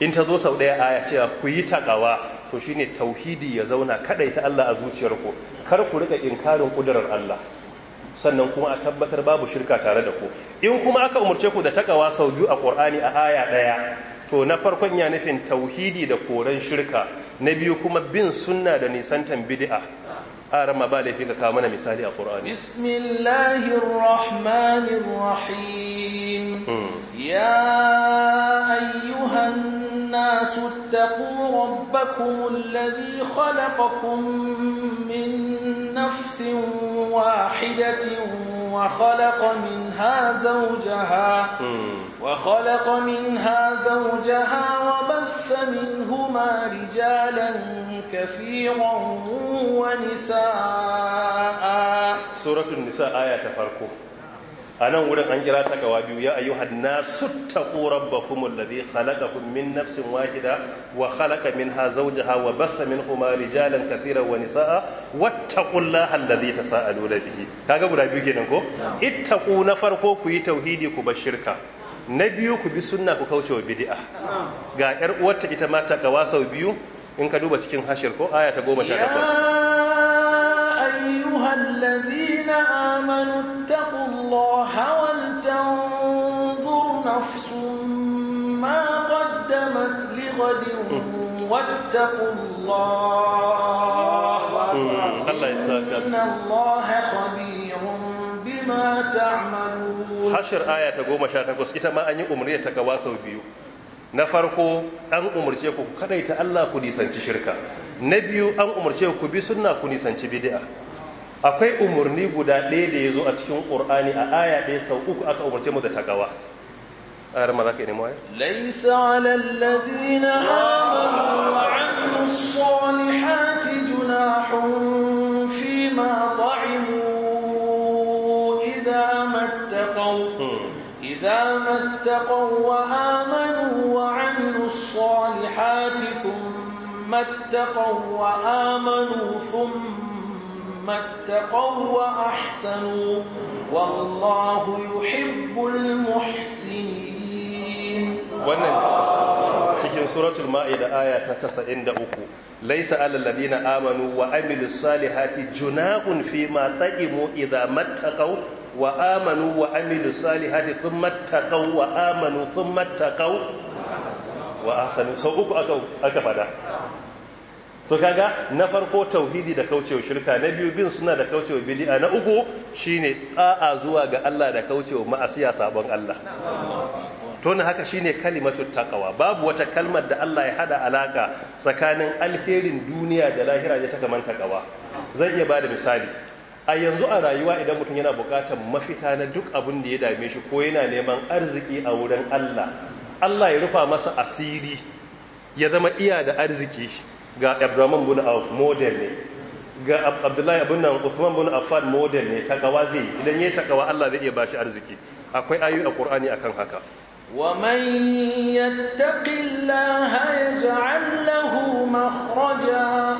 in ta zo sau ɗaya aya cewa ku yi takawa to shine tauhidi ya zauna kaɗai ta Allah a zuciyar ku kar ku riƙa inkarin ƙudurar Allah sannan kuma a tabbatar babu shirka tare da ku in kuma aka umarce ku da takawa sau biyu a ƙur'ani a aya ɗaya to na farkon ya nufin tauhidi da koren shirka na biyu kuma bin sunna da nisantan bid'a aran ma ba laifi ka kawo mana misali a Qur'ani bismillahir rahmanir rahim ya ayyuhan الناس اتقوا ربكم الذي خلقكم من نفس واحدة وخلق منها زوجها وخلق منها زوجها بعثت منهما رجالا كثيرا ونساء سورة النساء آية فرقه أنا أقول أن جرى تقوى يا أيها الناس اتقوا ربكم الذي خلقكم من نفس واحدة وخلق منها زوجها وبث منهما رجالا كثيرا ونساء واتقوا الله الذي تساءلون به كاغا غدا بيو كينكو اتقوا نفرقو كوي توحيدي كوبا شركه na biyu ku bi sunna ku kauce wa bidi'a. ga yar uwarta ita mata ta kawa sau biyu in ka duba cikin hashir ko aya ta goma 18 ya ayyuhal ladina amanu taqullaha wal tanzur nafsun ma qaddamat lighadin wattaqullaha hmm, Allah ya saka inna Allah khabirun bima ta'malun hashir aya ta goma sha takwas ita ma an yi umarni ta gawa sau biyu na farko an umarce ku ta Allah ku nisanci shirka na biyu an umarce ku bi sunna ku nisanci bid'a akwai umarni guda ɗaya da ya zo a cikin ƙur'ani a aya ɗaya sau uku aka umarce mu da tagawa ayar ma za ka nemo ayar alal ladina amanu wa amilus salihati junahun fi ma إذا ما اتقوا وآمنوا وعملوا الصالحات ثم اتقوا وآمنوا ثم اتقوا وأحسنوا والله يحب المحسنين wannan cikin suratul ma'ida aya ta 93 laysa alal ladina amanu wa amilus salihati junahun fi ma taqimu idza mattaqaw wa amanu wa amilus salihati thumma taqaw wa amanu thumma taqaw wa ahsanu sau uku aka aka fada so kaga na farko tauhidi da kaucewa shirka na biyu bin suna da kaucewa bid'a na uku shine ta'a zuwa ga Allah da kaucewa ma'asiya sabon Allah to haka shine kalimatu taqwa babu wata kalmar da Allah ya hada alaka tsakanin alherin duniya da lahira da ta kaman taqwa zan iya bada misali a yanzu a rayuwa idan mutum yana bukatar mafita na duk abin da ya dame shi ko yana neman arziki a wurin Allah Allah ya rufa masa asiri ya zama iya da arziki ga Abdurrahman bin Auf model ne ga Abdullahi abin nan Uthman bin Affan model ne takawa zai idan yayi takawa Allah zai iya bashi arziki akwai ayoyi a Qur'ani akan haka ومن يتق الله يجعل له مخرجا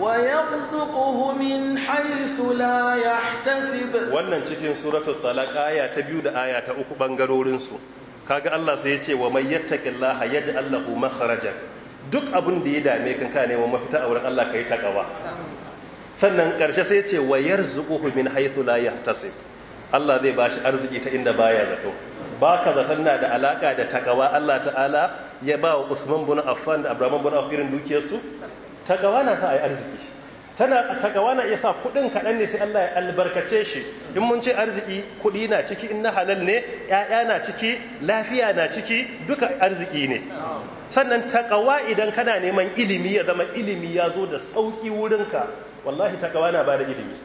ويرزقه من حيث لا يحتسب wannan cikin suratul talaq aya ta biyu da aya ta uku bangarorin su kaga Allah sai ya ce wa man yattaqillaha yaj'al lahu makhraja duk abun da ya dame kan ka wa mafita a wurin Allah kai takawa sannan karshe sai ce wa yarzuquhu min haythu la yahtasib Allah zai bashi arziki ta inda baya zato ba ka zaton na da alaka da takawa Allah ta'ala ya ba wa Usman bin Affan da Abraham bin Afirin dukiyarsu takawa na sa a yi arziki tana takawa na iya sa kuɗin kaɗan ne sai Allah ya albarkace shi in mun ce arziki kuɗi na ciki in na halal ne ‘ya'ya na ciki lafiya na ciki duka arziki ne sannan takawa idan kana neman ilimi ya zama ilimi ya zo da sauƙi wurinka wallahi takawa na ba da ilimi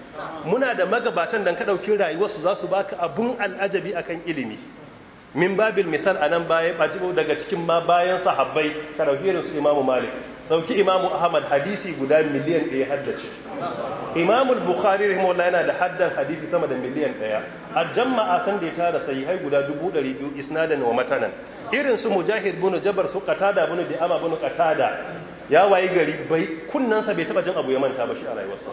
muna da magabatan da ka ɗauki rayuwarsu za su baka abun al'ajabi akan ilimi min babil misal anan baya bajibo daga cikin ma bayan sahabbai ka dauki irin su imamu malik dauki imamu ahmad hadisi guda miliyan ɗaya haddace imamu bukhari rahimahullah yana da haddan hadisi sama da miliyan ɗaya a jama'a san da ya tara sahihai guda dubu ɗari biyu isnadan wa matanan irin su mujahid bin jabar su qatada bin bi'ama bin qatada ya wayi gari bai kunnansa bai taba jin abu ya manta ba shi a rayuwarsa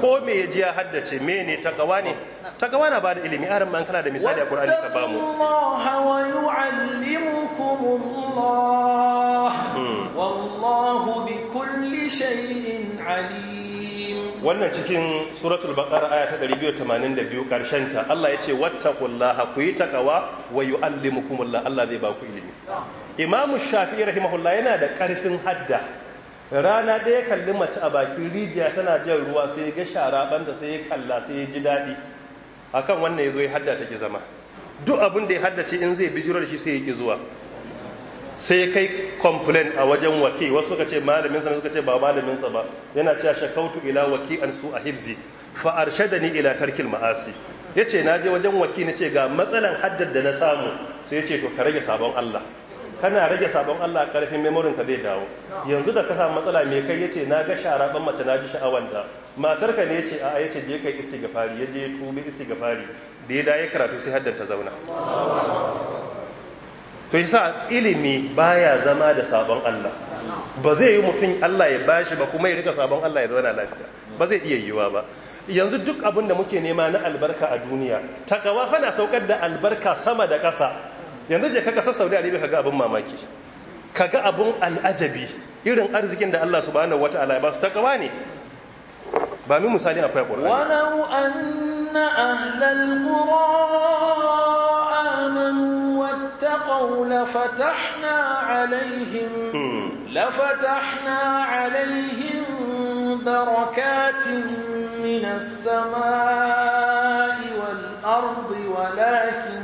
ko me ya ji ya haddace me ne takawa ne takawa na bada ilimi a kana da misali a Qur'ani ka bamu wa yu'allimukumullah hmm. wallahu bi kulli shay'in alim wannan cikin suratul baqara aya ta 282 karshen ta Allah ya ce wattaqullaha ku yi takawa wa yu'allimukumullah Allah zai ba ku ilimi Imam Shafi'i rahimahullah yana da karfin hadda rana ɗaya kalli mace a bakin rijiya tana jan ruwa sai ya ga shara banda sai ya kalla sai ya ji daɗi akan wannan ya zo ya ta ki zama duk abin da ya haddace in zai jirar shi sai ya ki zuwa sai ya kai complaint a wajen waki wasu suka ce malaminsa suka ce ba malaminsa ba yana cewa shakautu ila waki an su a hibzi fa arshadani ila tarkil ma'asi yace naje wajen waki nace ga matsalan haddar da na samu sai yace to ka rage sabon Allah kana rage sabon Allah karfin memorin ka zai dawo yanzu da ka matsala mai kai yace na ga shara ban mace na ji sha'awan ta matar ka ne yace a'a yace je kai istighfari yaje ya tubi istighfari da ya da ya karatu sai haddan ta zauna to yasa ilimi baya zama da sabon Allah ba zai yi mutum Allah ya bashi ba kuma ya rika sabon Allah ya zauna lafiya ba zai iya yiwa ba yanzu duk abin da muke nema na albarka a duniya takawa fana saukar da albarka sama da ƙasa yanzu je ka kasar saudi arabia ka ga abin mamaki ka ga abin al'ajabi irin arzikin da allah subhanahu wa ta'ala ba su takawa ne ba mu misali akwai ƙwararri walau na ahlal qura amanu wattaqaw la fatahna alaihim hmm. la fatahna alaihim barakatin min as-samai wal ardi walakin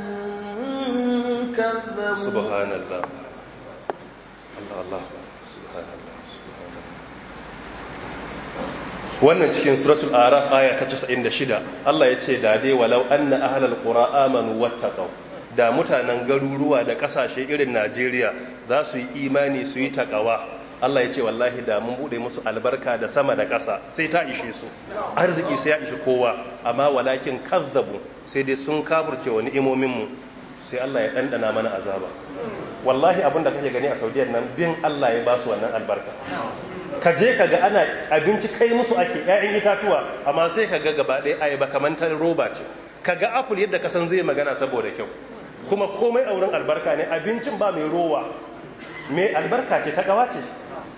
wannan cikin suratul araf aya ta 96 Allah ya ce da dai walau anna ahlal qura amanu wattaqu da mutanen garuruwa da kasashe irin Najeriya za su yi imani su yi takawa Allah ya ce wallahi da mun bude musu albarka da sama da ƙasa sai ta ishe su arziki sai ya ishe kowa amma walakin kazzabu sai dai sun kafurce wani imominmu. mu sai Allah ya ɗanɗana mana azaba wallahi abin da kake gani a saudiyar nan bin Allah ya ba su wannan albarka ka je ka ga ana abinci kai musu ake 'ya'yan itatuwa amma sai ka ga gaba ɗaya ayaba kamar ta roba ce ka ga apple yadda ka san zai magana saboda kyau kuma komai a wurin albarka ne abincin ba mai rowa mai albarka ce ta ƙawace?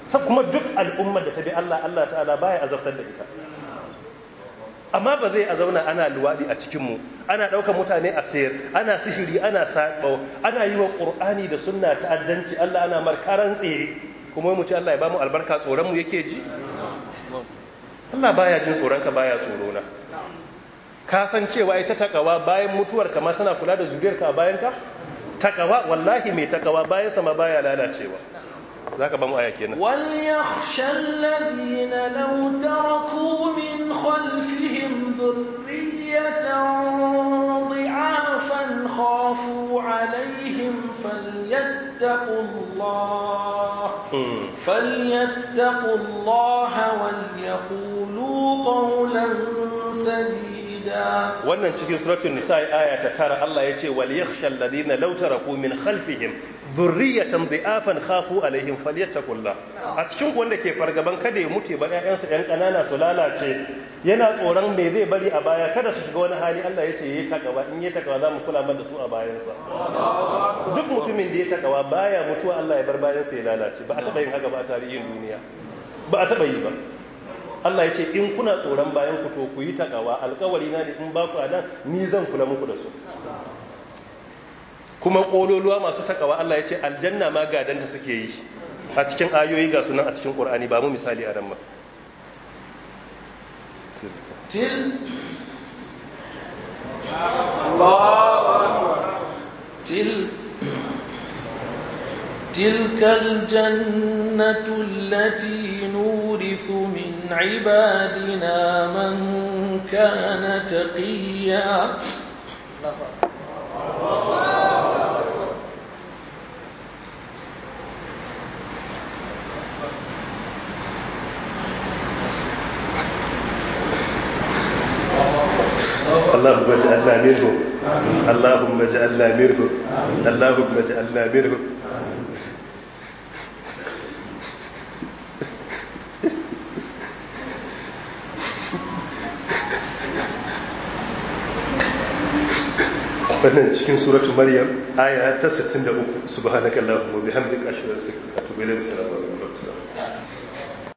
ce kuma duk al'ummar da ta bi Allah Allah ta'ala baya azabtar da ita amma ba zai a zauna ana luwaɗi a cikinmu ana ɗaukar mutane a sayar ana sihiri ana saɓo ana yi wa ƙur'ani da sunna ta'addanci allah ana markaran tsere kuma mu ce allah ya ba mu albarka tsoronmu yake ji allah baya jin tsoronka baya tsorona ka san cewa ita takawa bayan mutuwar kama tana kula da zuriyarka bayan ka takawa wallahi mai takawa bayan sama baya lalacewa za ka ba mu aya kenan wal yakhsha alladhina law taraku min khalfihim dhurriyatan ضعافا خافوا عليهم فليتقوا الله فليتقوا الله وليقولوا قولا سديدا wannan cikin suratul nisa aya ta tara Allah yace wal yakhsha alladhina law taraku min khalfihim dhurriyatan dhi'afan khafu alaihim falyattaqullah a cikin wanda ke fargaban kada ya mutu ba sa ɗan kanana su lalace yana tsoron me zai bari a baya kada su shiga wani hali Allah ya yayi takawa in yayi takawa zamu kula man da su a bayansa duk mutumin da ya takawa baya mutuwa Allah ya bar bayansa ya lalace ba a taba yin haka ba a tarihin duniya ba a taba yi ba Allah ya ce in kuna tsoron bayan ku to ku yi takawa alkawari na da in ba ku adan ni zan kula muku da su kuma kololuwa masu takawa Allah ya ce aljanna ma gadanta suke yi a cikin ayoyi ga sunan a cikin Qur'ani ba mu misali a nan ba til تلك الجنة التي نورث من عبادنا من كان تقيا اللهم اجعلنا منهم اللهم اجعلنا منهم اللهم اجعلنا منهم wannan cikin suratu maryam aya ta 63 subhanakallahumma bihamdika ashhadu an la ilaha illa anta astaghfiruka wa atubu ilayk